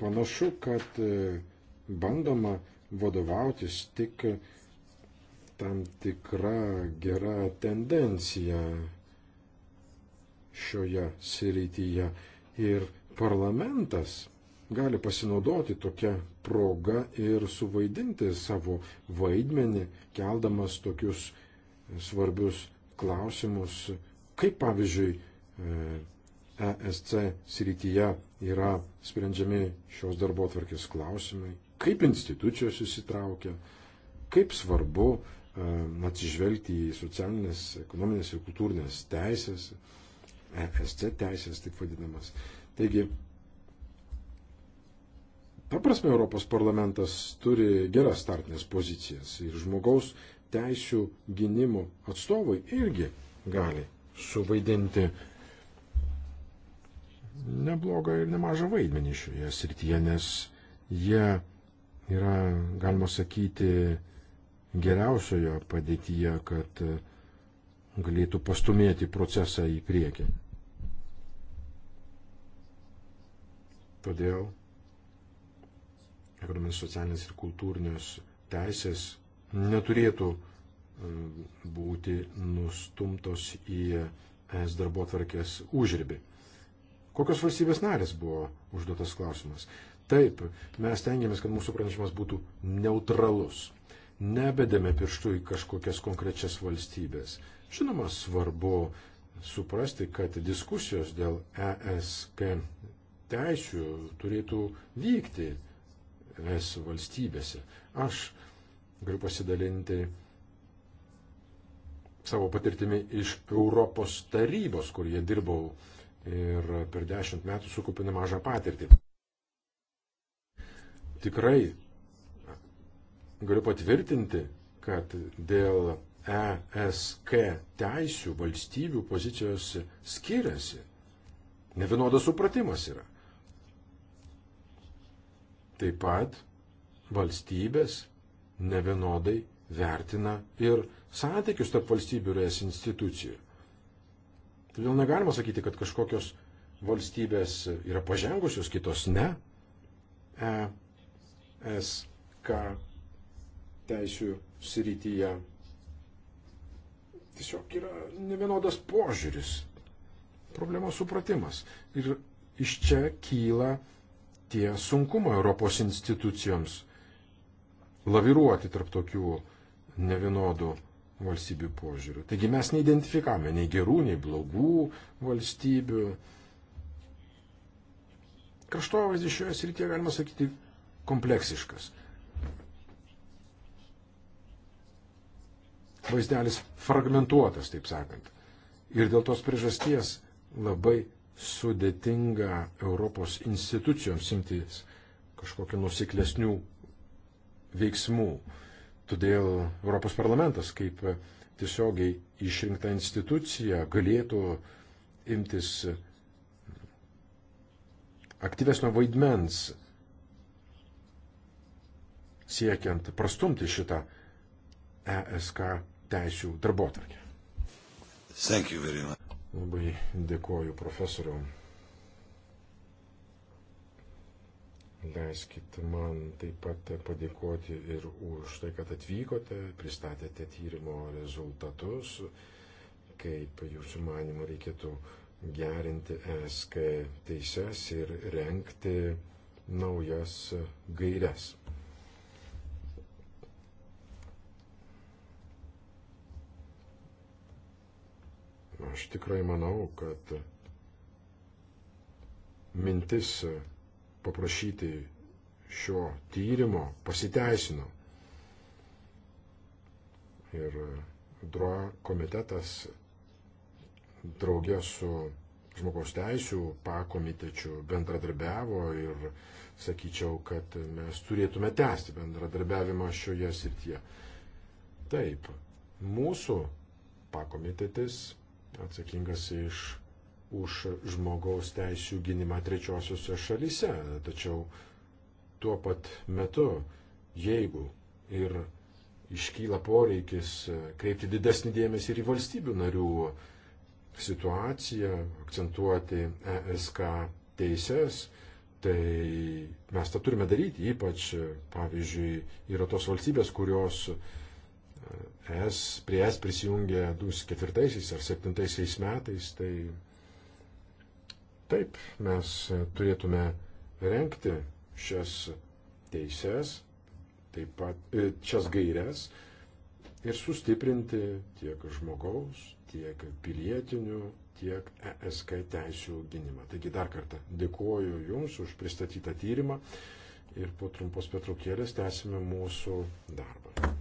Panašu, kad e, bandoma vadovautis tik tam tikra gera tendencija šioje srityje ir parlamentas gali pasinaudoti tokią progą ir suvaidinti savo vaidmenį, keldamas tokius svarbius klausimus, kaip pavyzdžiui e, ESC srityje yra sprendžiami šios darbo atvarkės klausimai, kaip institucijos įsitraukia, kaip svarbu e, atsižvelgti į socialinės, ekonominės ir kultūrinės teisės, ESC teisės taip vadinamas. Taigi, ta prasme, Europos parlamentas turi geras startinės pozicijas ir žmogaus teisų gynimo atstovai irgi gali suvaidinti neblogą ir nemažą vaidmenį šioje srityje, nes jie yra, galima sakyti, geriausioje padėtyje, kad e, galėtų pastumėti procesą į priekį. Todėl ekonominės, socialinės ir kultūrinės teisės neturėtų e, būti nustumtos į es darbo tvarkės užribį. Kokios valstybės narės buvo užduotas klausimas? Taip, mes tengiamės, kad mūsų pranešimas būtų neutralus. Nebedėme pirštų į kažkokias konkrečias valstybės. Žinoma, svarbu suprasti, kad diskusijos dėl ESK teisių turėtų vykti ES valstybėse. Aš galiu pasidalinti savo patirtimi iš Europos tarybos, kur jie dirbau ir per dešimt metų sukaupė nemažą patirtį. Tikrai galiu patvirtinti, kad dėl ESK teisių valstybių pozicijos skiriasi. Nevienodas supratimas yra. Taip pat valstybės nevienodai vertina ir santykius tarp valstybių ir es institucijų. Todėl negalima sakyti, kad kažkokios valstybės yra pažengusios, kitos ne. ESK teisių srityje tiesiog yra nevienodas požiūris, problemos supratimas. Ir iš čia kyla tie sunkumai Europos institucijoms laviruoti tarp tokių nevienodų valstybių požiūrių. Taigi mes neidentifikavome nei gerų, nei blogų valstybių. Kraštovaizdis šioje srityje, galima sakyti, kompleksiškas. Vaizdelis fragmentuotas, taip sakant. Ir dėl tos priežasties labai sudėtinga Europos institucijoms imtis kažkokių nusiklesnių veiksmų. Todėl Europos parlamentas kaip tiesiogiai išrinkta institucija galėtų imtis aktyvesnio vaidmens siekiant prastumti šitą ESK teisių darbotvarkę. Labai dėkoju profesoriu Leiskit man taip pat padėkoti ir už tai, kad atvykote, pristatėte tyrimo rezultatus, kaip jūsų manimo reikėtų gerinti ESK teises ir renkti naujas gairias. Aš tikrai manau, kad mintis paprašyti šio tyrimo pasiteisino. Ir DROA komitetas draugė su žmogaus teisų pakomitečiu bendradarbiavo ir sakyčiau, kad mes turėtume tęsti bendradarbiavimą šioje srityje. Taip, mūsų pakomitetis atsakingas iš už žmogaus teisų gynimą trečiosiuose šalyse. Tačiau tuo pat metu, jeigu ir iškyla poreikis kreipti didesnį dėmesį ir į valstybių narių situaciją, akcentuoti ESK teises, tai mes tą turime daryti, ypač, pavyzdžiui, yra tos valstybės, kurios es, prie es prisijungė 2004 ar 2007 metais, tai Taip, mes turėtume renkti šias teises, taip pat e, šias gairias ir sustiprinti tiek žmogaus, tiek pilietinių, tiek ESK teisų gynimą. Taigi dar kartą dėkuoju Jums už pristatytą tyrimą ir po trumpos petrukėlės tęsime mūsų darbą.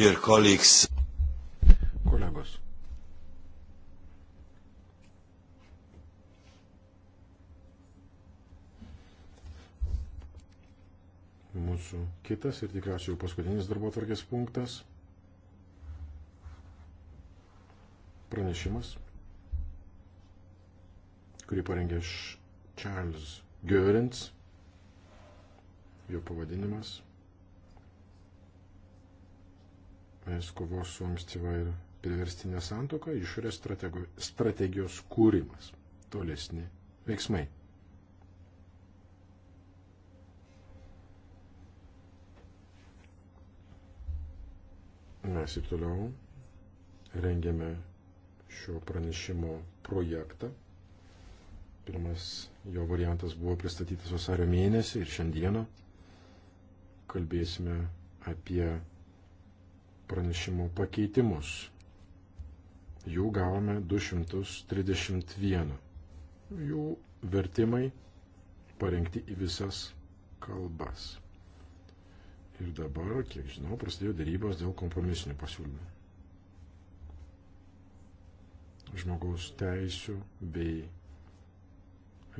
Dear colleagues. Kolegos. Mūsų kitas ir tikriausiai jau paskutinis darbo tvarkės punktas. Pranešimas, kurį parengė Charles Görens. Jo pavadinimas priemonės kovos su ankstyva ir priverstinė santoka, išorės strategijos kūrimas, tolesni veiksmai. Mes ir toliau rengiame šio pranešimo projektą. Pirmas jo variantas buvo pristatytas vasario mėnesį ir šiandieną kalbėsime apie pranešimo pakeitimus. Jų gavome 231. Jų vertimai parengti į visas kalbas. Ir dabar, kiek žinau, prasidėjo darybos dėl kompromisinių pasiūlymų. Žmogaus teisų bei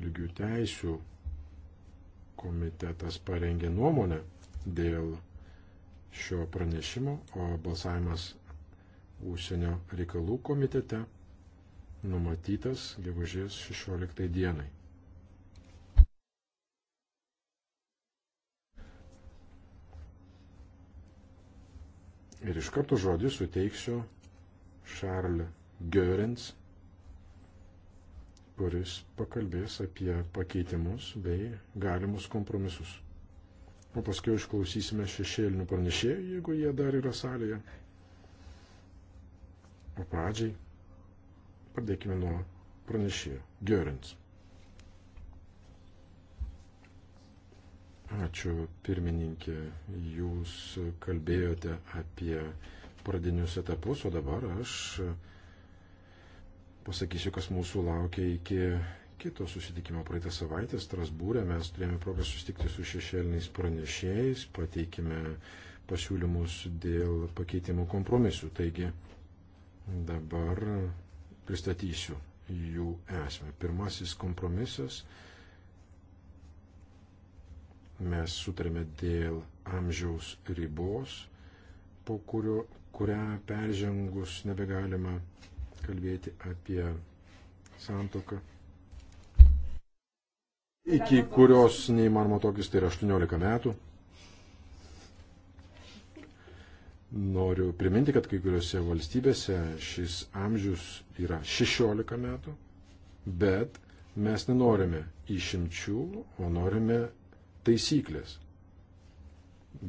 lygių teisų komitetas parengė nuomonę dėl šio pranešimo, o balsavimas užsienio reikalų komitete numatytas gegužės 16 dienai. Ir iš karto žodį suteiksiu Charles Görens, kuris pakalbės apie pakeitimus bei galimus kompromisus. O paskui išklausysime šešėlinių pranešėjų, jeigu jie dar yra salėje. O pradžiai pradėkime nuo pranešėjo Görins. Ačiū pirmininkė, jūs kalbėjote apie pradinius etapus, o dabar aš pasakysiu, kas mūsų laukia iki kito susitikimo praeitą savaitę Strasbūrė mes turėjome progą susitikti su šešėliniais pranešėjais, pateikime pasiūlymus dėl pakeitimų kompromisų. Taigi dabar pristatysiu jų esmę. Pirmasis kompromisas. Mes sutarėme dėl amžiaus ribos, po kurio, kurią peržengus nebegalima kalbėti apie santoką iki kurios neįmanoma tokis, tai yra 18 metų. Noriu priminti, kad kai kuriuose valstybėse šis amžius yra 16 metų, bet mes nenorime išimčių, o norime taisyklės.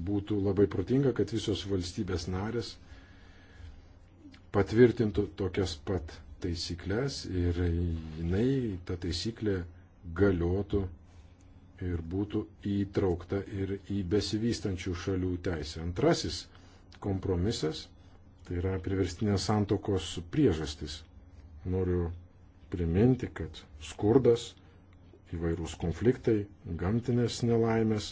Būtų labai protinga, kad visos valstybės narės patvirtintų tokias pat taisyklės ir jinai, ta taisyklė galiotų ir būtų įtraukta ir į besivystančių šalių teisę. Antrasis kompromisas tai yra priverstinės santokos priežastis. Noriu priminti, kad skurdas, įvairūs konfliktai, gamtinės nelaimės,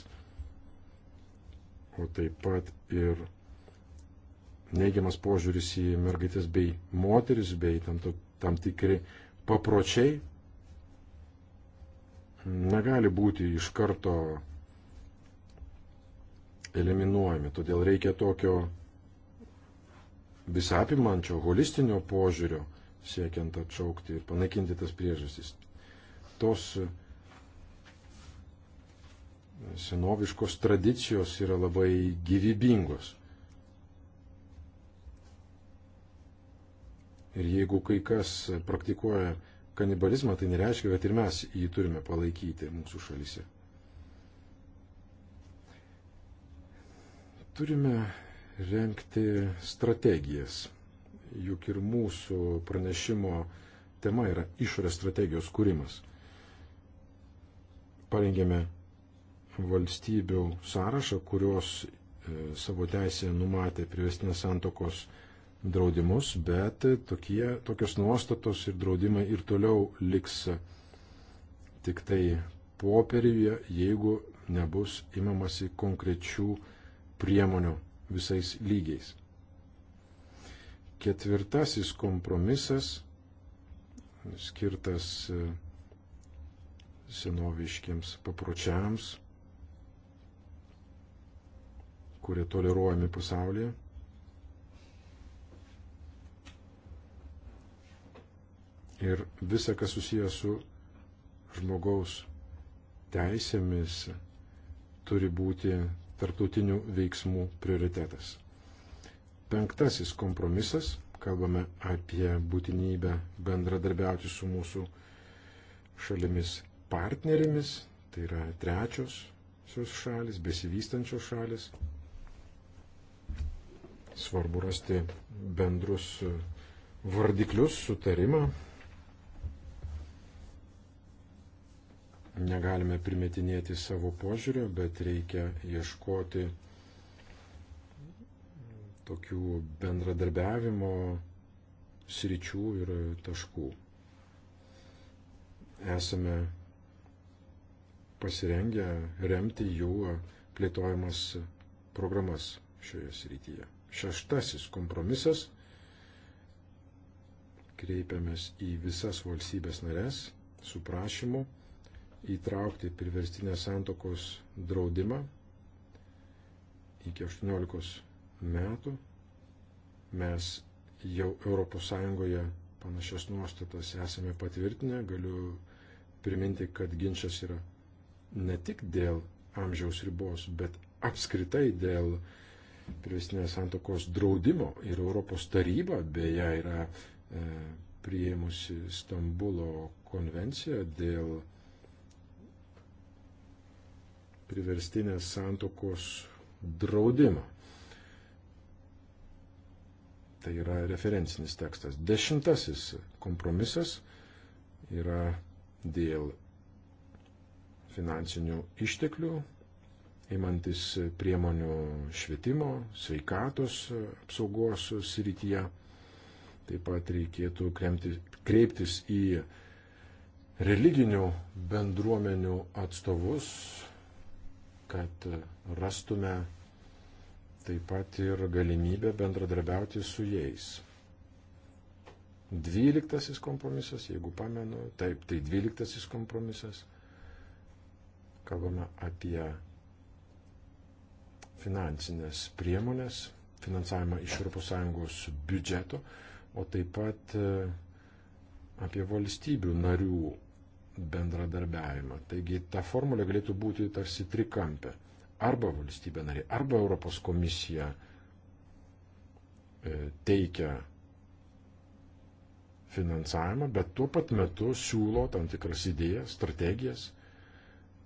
o taip pat ir neigiamas požiūris į mergaitės bei moteris, bei tam, tam tikri papročiai negali būti iš karto eliminuojami. Todėl reikia tokio visapimančio, holistinio požiūrio, siekiant atšaukti ir panaikinti tas priežastis. Tos senoviškos tradicijos yra labai gyvybingos. Ir jeigu kai kas praktikuoja kanibalizmą, tai nereiškia, kad ir mes jį turime palaikyti mūsų šalyse. Turime renkti strategijas. Juk ir mūsų pranešimo tema yra išorės strategijos kūrimas. Parengėme valstybių sąrašą, kurios e, savo teisėje numatė privestinės santokos draudimus, bet tokie, tokios nuostatos ir draudimai ir toliau liks tik tai popieriuje, jeigu nebus imamasi konkrečių priemonių visais lygiais. Ketvirtasis kompromisas skirtas e, senoviškiams papročiams, kurie toleruojami pasaulyje. ir visa, kas susijęs su žmogaus teisėmis, turi būti tarptautinių veiksmų prioritetas. Penktasis kompromisas. Kalbame apie būtinybę bendradarbiauti su mūsų šalimis partnerėmis, tai yra trečios šios šalis, besivystančios šalis. Svarbu rasti bendrus vardiklius, sutarimą Negalime primetinėti savo požiūrio, bet reikia ieškoti tokių bendradarbiavimo sričių ir taškų. Esame pasirengę remti jų plėtojamas programas šioje srityje. Šeštasis kompromisas. Kreipiamės į visas valstybės narės su prašymu įtraukti priverstinės santokos draudimą iki 18 metų. Mes jau ES panašias nuostatas esame patvirtinę. Galiu priminti, kad ginčas yra ne tik dėl amžiaus ribos, bet apskritai dėl priverstinės santokos draudimo ir Europos taryba beje yra e, prieimusi Stambulo konvenciją dėl priverstinės santokos draudimo. Tai yra referencinis tekstas. Dešimtasis kompromisas yra dėl finansinių išteklių, įmantis priemonių švietimo, sveikatos apsaugos srityje. Taip pat reikėtų kremti, kreiptis į religinių bendruomenių atstovus, kad rastume taip pat ir galimybę bendradarbiauti su jais. Dvyliktasis kompromisas, jeigu pamenu, taip, tai dvyliktasis kompromisas. Kalbame apie finansinės priemonės, finansavimą iš ES biudžeto, o taip pat e, apie valstybių narių bendradarbiavimą. Taigi ta formulė galėtų būti tarsi trikampė. Arba valstybė narė, arba Europos komisija e, teikia finansavimą, bet tuo pat metu siūlo tam tikras idėjas, strategijas.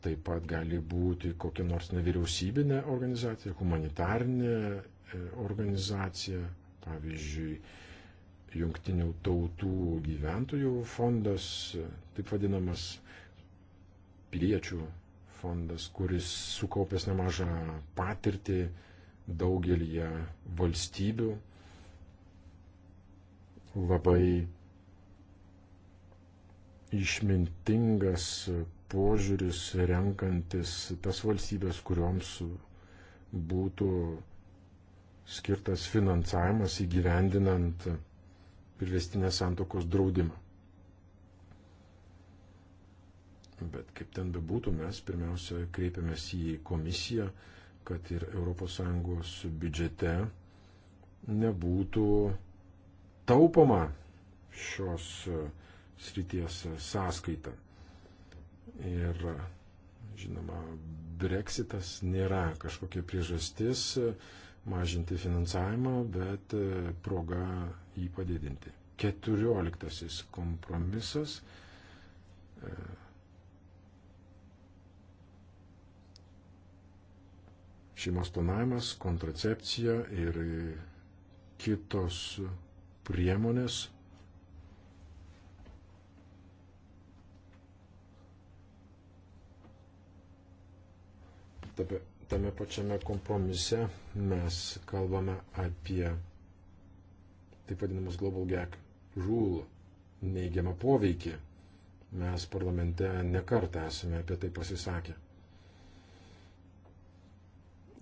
Taip pat gali būti kokia nors nevyriausybinė organizacija, humanitarinė e, organizacija, pavyzdžiui, jungtinių tautų gyventojų fondas, taip vadinamas piliečių fondas, kuris sukaupęs nemažą patirtį daugelį valstybių labai išmintingas požiūris renkantis tas valstybės, kurioms būtų skirtas finansavimas įgyvendinant privestinės santokos draudimą. Bet kaip ten bebūtų, mes pirmiausia kreipiamės į komisiją, kad ir ES biudžete nebūtų taupoma šios e, srities e, sąskaita. Ir žinoma, breksitas nėra kažkokia priežastis, mažinti finansavimą, bet e, proga jį padidinti. Keturioliktasis kompromisas. E, šeimos planavimas, kontracepcija ir kitos priemonės Taip, tame pačiame kompromise mes kalbame apie taip vadinamas Global Gag Rule neigiamą poveikį. Mes parlamente nekartą esame apie tai pasisakę.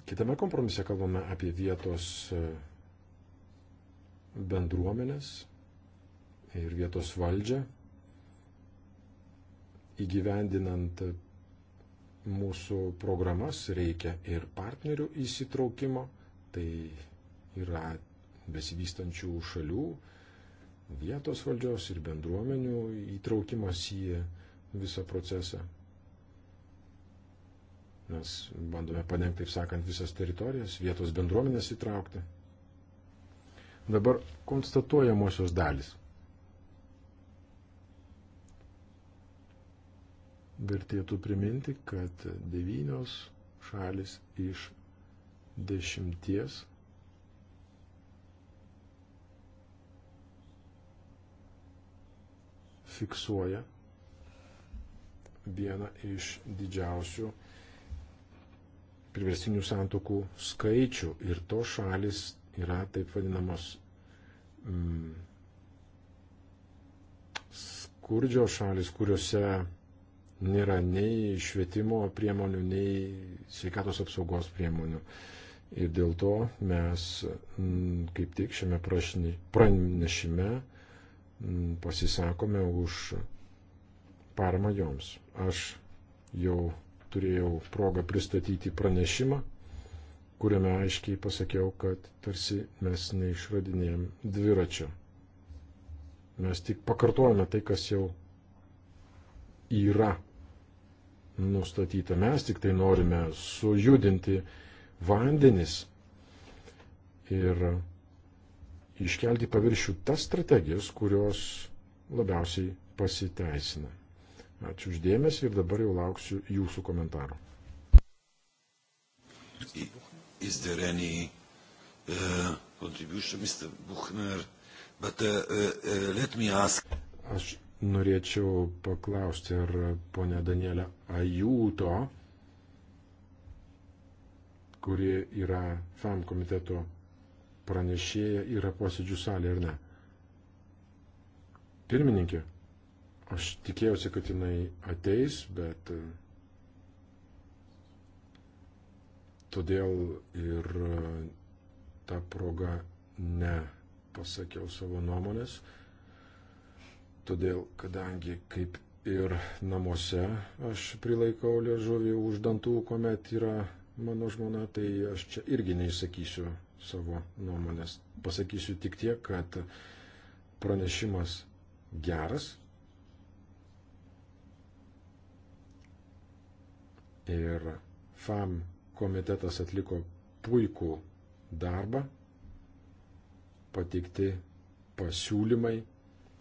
Kitame kompromise kalbame apie vietos e, bendruomenės ir vietos valdžią įgyvendinant mūsų programas reikia ir partnerių įsitraukimo, tai yra besivystančių šalių, vietos valdžios ir bendruomenių įtraukimas į visą procesą. Mes bandome padengti, taip sakant, visas teritorijas, vietos bendruomenės įtraukti. Dabar konstatuojamosios dalis. vertėtų priminti, kad devynios šalis iš dešimties fiksuoja vieną iš didžiausių priversinių santokų skaičių ir tos šalis yra taip vadinamos mm, skurdžios šalis, kuriuose nėra nei švietimo priemonių, nei sveikatos apsaugos priemonių. Ir dėl to mes mm, kaip tik šiame pranešime mm, pasisakome už paramą joms. Aš jau turėjau progą pristatyti pranešimą, kuriame aiškiai pasakiau, kad tarsi mes neišradinėjom dviračio. Mes tik pakartojame tai, kas jau yra nustatyta. Mes tik tai norime sujudinti vandenis ir iškelti paviršių tas strategijas, kurios labiausiai pasiteisina. Ačiū uždėmesi ir dabar jau lauksiu jūsų komentarų. Is there any uh, contribution, Mr. Buchner? But uh, uh, uh, let me ask. Aš Norėčiau paklausti, ar ponia Danielė Ajūto, kuri yra FAM komiteto pranešėja, yra posėdžių salė ar ne. Pirmininkė, aš tikėjausi, kad jinai ateis, bet e, todėl ir e, tą progą nepasakiau savo nuomonės. Todėl, kadangi kaip ir namuose aš prilaikau liežuvį už dantų, kuomet yra mano žmona, tai aš čia irgi neįsakysiu savo nuomonės. Pasakysiu tik tiek, kad pranešimas geras ir FAM komitetas atliko puikų darbą, pateikti pasiūlymai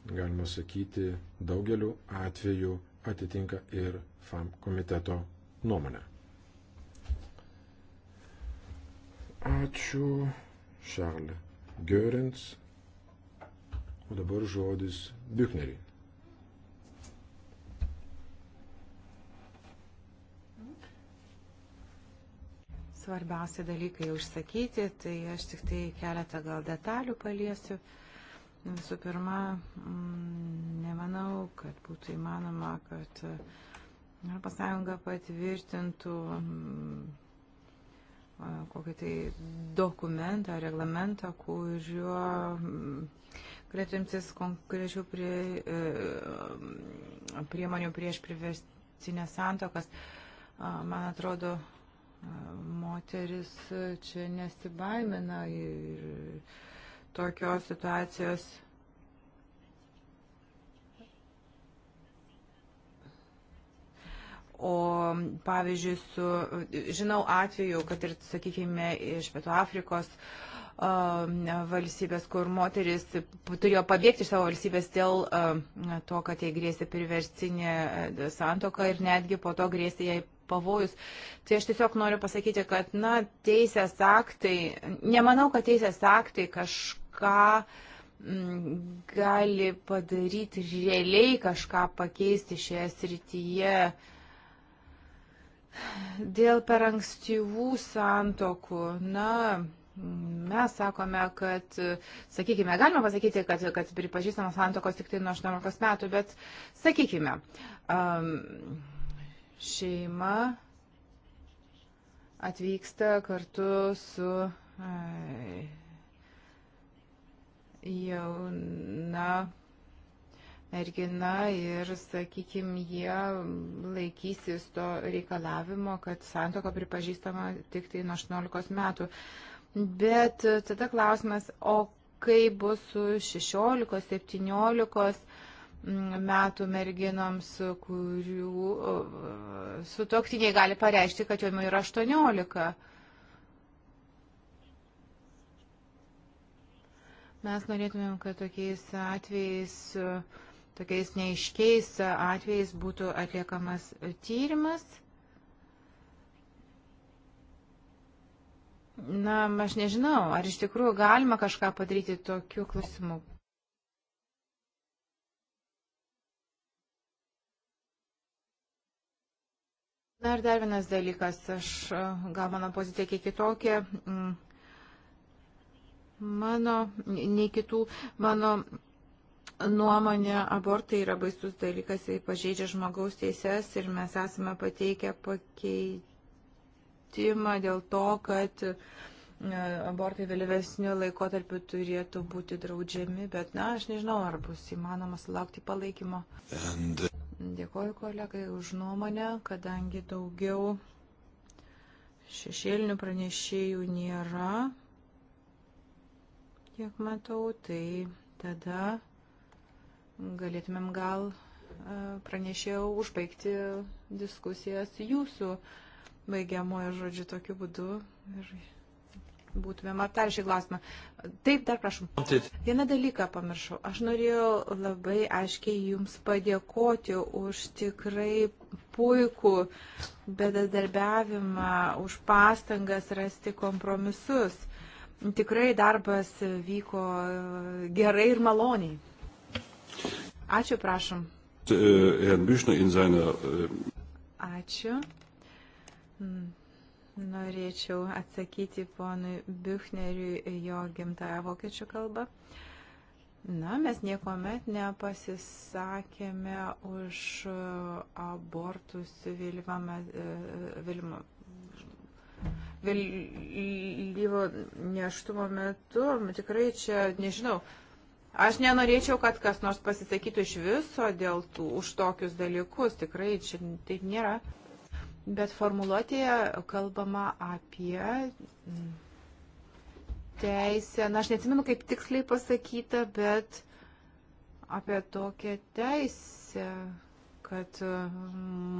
galima sakyti, daugeliu atveju atitinka ir FAM komiteto nuomonę. Ačiū, Šarlė Görins. O dabar žodis Büchneriai. Svarbiausia dalykai užsakyti, tai aš tik tai keletą gal detalių paliesiu. Uh, Visų pirma, mm, nemanau, kad būtų įmanoma, kad mm, ES patvirtintų mm, kokį tai dokumentą, reglamentą, kuriuo galėtumtis konkrečių prie, e, priemonių prieš priverstinės santokas. Man atrodo, moteris e, čia nesibaimina ir tokios situacijos O pavyzdžiui, su, žinau atveju, kad ir, sakykime, iš Pietų Afrikos um, valstybės, kur moteris turėjo pabėgti iš savo valstybės dėl um, to, kad jai grėsė priverstinė e, santoka ir netgi po to grėsė jai pavojus. Tai aš tiesiog noriu pasakyti, kad, na, teisės aktai, nemanau, kad teisės aktai kaž, ką mm, gali padaryti realiai kažką pakeisti šioje srityje. Dėl per ankstyvų santokų, na, Mes sakome, kad, sakykime, galima pasakyti, kad, kad pripažįstamos santokos tik tai nuo 18 metų, bet, sakykime, um, šeima atvyksta kartu su. Ai, jauna mergina ir, sakykime, jie laikysis to reikalavimo, kad santoka pripažįstama tik tai nuo 18 metų. Bet tada klausimas, o kaip bus su 16-17 mm, metų merginoms, kurių su toktiniai gali pareišti, kad jom yra 18? Mes norėtumėm, kad tokiais atvejais, tokiais neiškiais atvejais būtų atliekamas tyrimas. Na, aš nežinau, ar iš tikrųjų galima kažką padaryti tokiu klausimu. Na ir dar vienas dalykas, aš gal mano pozicija kiek kitokia. Mm mano, nei kitų mano nuomonė, abortai yra baisus dalykas, jis pažeidžia žmogaus teises ir mes esame pateikę pakeitimą dėl to, kad e, abortai vėlyvesniu laikotarpiu turėtų būti draudžiami, bet na, aš nežinau, ar bus įmanoma sulaukti palaikymo. And... Dėkoju kolegai už nuomonę, kadangi daugiau šešėlinių pranešėjų nėra kiek matau, tai tada galėtumėm gal e, pranešėjau užbaigti diskusijas jūsų baigiamojo žodžiu tokiu būdu ir būtumėm aptarę šį klausimą. Taip, dar prašom. Vieną dalyką pamiršau. Aš norėjau labai aiškiai Jums padėkoti už tikrai puikų bedadarbiavimą, už pastangas rasti kompromisus. Tikrai darbas vyko e, gerai ir maloniai. Ačiū, prašom. E, e, Ačiū. Hmm. Norėčiau atsakyti ponui Büchneriui jo gimtąją vokiečių kalbą. Na, mes niekuomet nepasisakėme už abortus Vilvame, Vilma, vėlyvo neštumo metu. Tikrai čia, nežinau, aš nenorėčiau, kad kas nors pasisakytų iš viso dėl tų už tokius dalykus. Tikrai čia taip nėra. Bet formuluotėje kalbama apie mm, teisę, na aš neatsimenu kaip tiksliai pasakyta, bet apie tokią teisę kad e,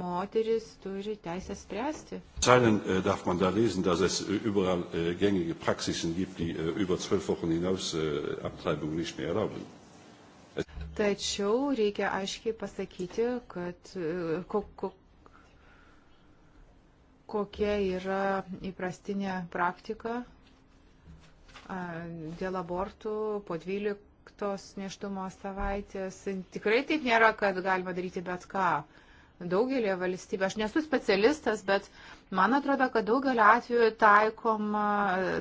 moteris turi teisę spręsti. Zeilen äh, darf man da lesen, dass es äh, überall äh, gängige Praxisen gibt, die äh, über zwölf Wochen hinaus äh, Abtreibung nicht mehr erlauben. Tačiau reikia aiškiai pasakyti, kad äh, ko, ko, kokia yra įprastinė praktika dėl abortų po 12 tos neštumo savaitės. Tikrai taip nėra, kad galima daryti bet ką. Daugelį valstybių, aš nesu specialistas, bet man atrodo, kad daugelį atvejų taikoma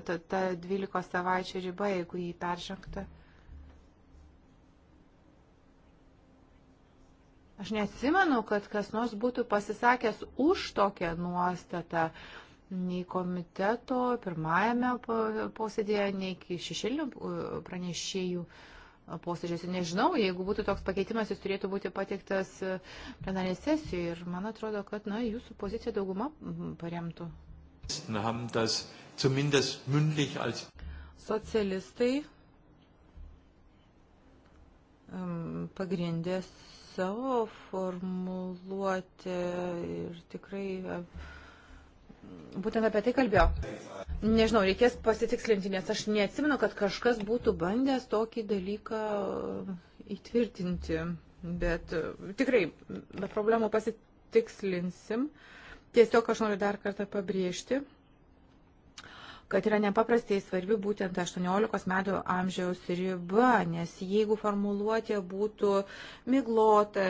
ta, ta 12 savaičių riba, jeigu jį peržengta. Aš neatsimenu, kad kas nors būtų pasisakęs už tokią nuostatą nei komiteto pirmajame posėdėje, nei iki šešėlinių uh, pranešėjų posėdžiuose. Nežinau, jeigu būtų toks pakeitimas, jis turėtų būti pateiktas e, plenarės sesijoje ir man atrodo, kad na, jūsų poziciją dauguma paremtų. Socialistai pagrindė savo formuluotę ir tikrai būtent apie tai kalbėjo. Nežinau, reikės pasitikslinti, nes aš neatsimenu, kad kažkas būtų bandęs tokį dalyką įtvirtinti. Bet e, tikrai, be problemų pasitikslinsim. Tiesiog aš noriu dar kartą pabrėžti, kad yra nepaprastai svarbi būtent 18 metų amžiaus riba, nes jeigu formuluotė būtų miglota,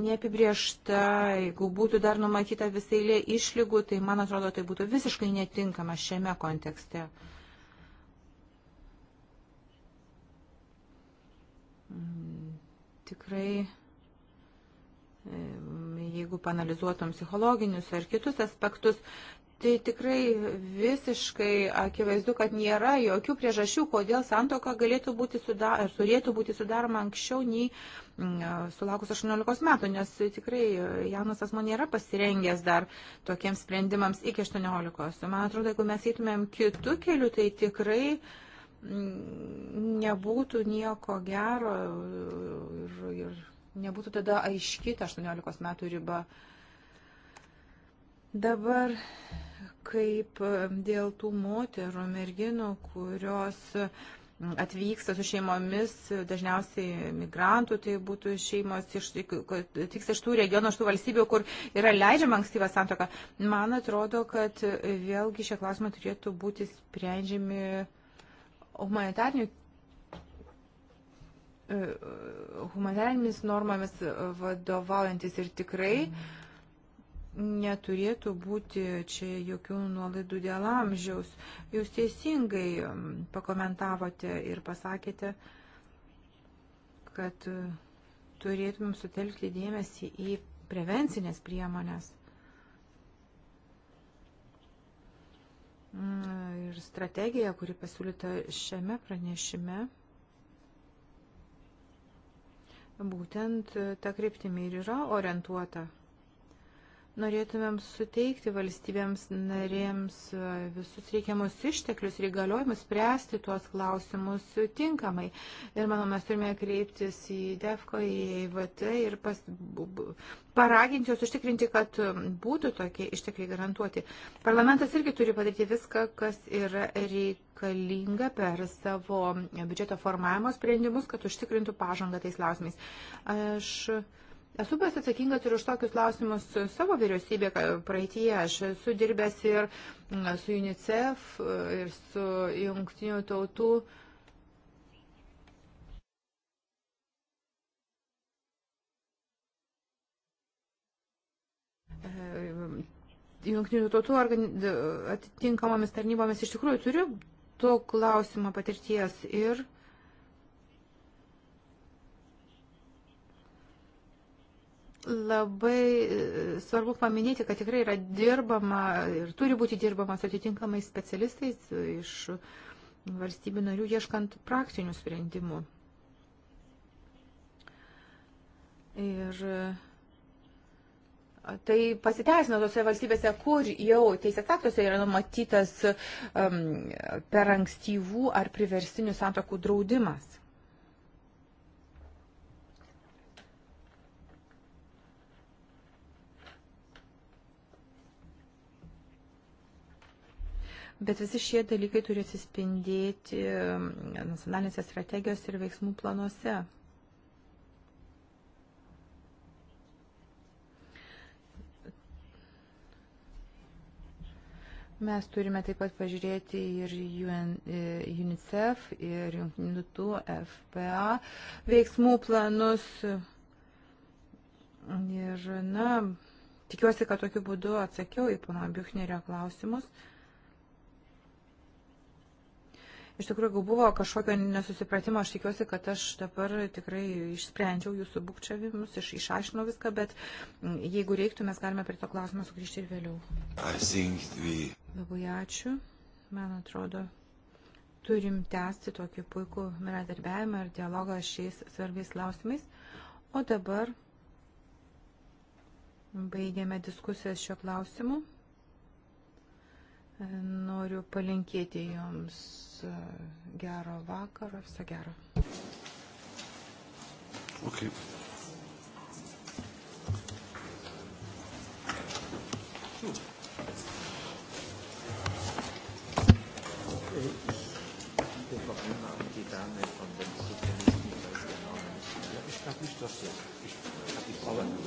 neapibriešta, jeigu būtų dar numatyta visai lė išlygų, tai man atrodo, tai būtų visiškai netinkama šiame kontekste. Mm, tikrai jeigu panalizuotum psichologinius ar kitus aspektus, Tai tikrai visiškai akivaizdu, kad nėra jokių priežasčių, kodėl santoka galėtų būti sudaroma, turėtų būti sudaroma anksčiau nei mm, sulaukus 18 metų, nes tikrai jaunas asmo nėra pasirengęs dar tokiems sprendimams iki 18. Man atrodo, jeigu mes eitumėm kitų kelių, tai tikrai mm, nebūtų nieko gero ir, ir nebūtų tada aiški ta 18 metų riba. Dabar kaip dėl tų moterų, merginų, kurios atvyksta su šeimomis, dažniausiai migrantų, tai būtų šeimos iš, tiks iš tų regionų, iš tų valstybių, kur yra leidžiama ankstyva santoka. Man atrodo, kad vėlgi šie klausimai turėtų būti sprendžiami humanitarnių e, e, humanitarnėmis normomis vadovaujantis ir tikrai mm neturėtų būti čia jokių nuolaidų dėl amžiaus. Jūs teisingai um, pakomentavote ir pasakėte, kad uh, turėtumėm sutelkti dėmesį į prevencinės priemonės. Mm, ir strategija, kuri pasiūlyta šiame pranešime, būtent uh, ta kryptimi ir yra orientuota norėtumėm suteikti valstybėms narėms e, visus reikiamus išteklius ir įgaliojimus spręsti tuos klausimus tinkamai. Ir manau, mes turime kreiptis į DEFCO, į EIVT ir pas, paraginti juos užtikrinti, kad būtų tokie ištekliai garantuoti. Parlamentas irgi turi padaryti viską, kas yra reikalinga per savo biudžeto formavimo sprendimus, kad užtikrintų pažangą tais klausimais. Aš Esu buvęs atsakingas ir už tokius klausimus savo vyriausybė praeitie. Aš esu dirbęs ir su UNICEF, ir su jungtinių tautų. E, jungtinių tautų atitinkamomis tarnybomis iš tikrųjų turiu to klausimo patirties ir labai e, svarbu paminėti, kad tikrai yra dirbama ir turi būti dirbama su atitinkamais specialistais iš valstybių narių ieškant praktinių sprendimų. Ir e, tai pasiteisino tose valstybėse, kur jau teisės aktuose yra numatytas um, per ankstyvų ar priversinių santokų draudimas. Bet visi šie dalykai turi atsispindėti mm, nacionalinėse strategijose ir veiksmų planuose. Mes turime taip pat pažiūrėti ir UN, e, UNICEF, ir Junktinių tautų FPA veiksmų planus. Ir, na, tikiuosi, kad tokiu būdu atsakiau į pono Biuchnerio klausimus. Iš tikrųjų, jeigu buvo kažkokio nesusipratimo, aš tikiuosi, kad aš dabar tikrai išsprendžiau jūsų bukčiavimus, iš, išaišinau viską, bet jeigu reiktų, mes galime prie to klausimo sugrįžti ir vėliau. We... Labai ačiū. Man atrodo, turim tęsti tokį puikų bendradarbiavimą ir dialogą šiais svarbiais klausimais. O dabar baigiame diskusijas šio klausimu. Noriu palinkėti Jums e, gero vakaro, viso gero. Okay. Ich glaube nicht, dass das. Ich, ich, ich,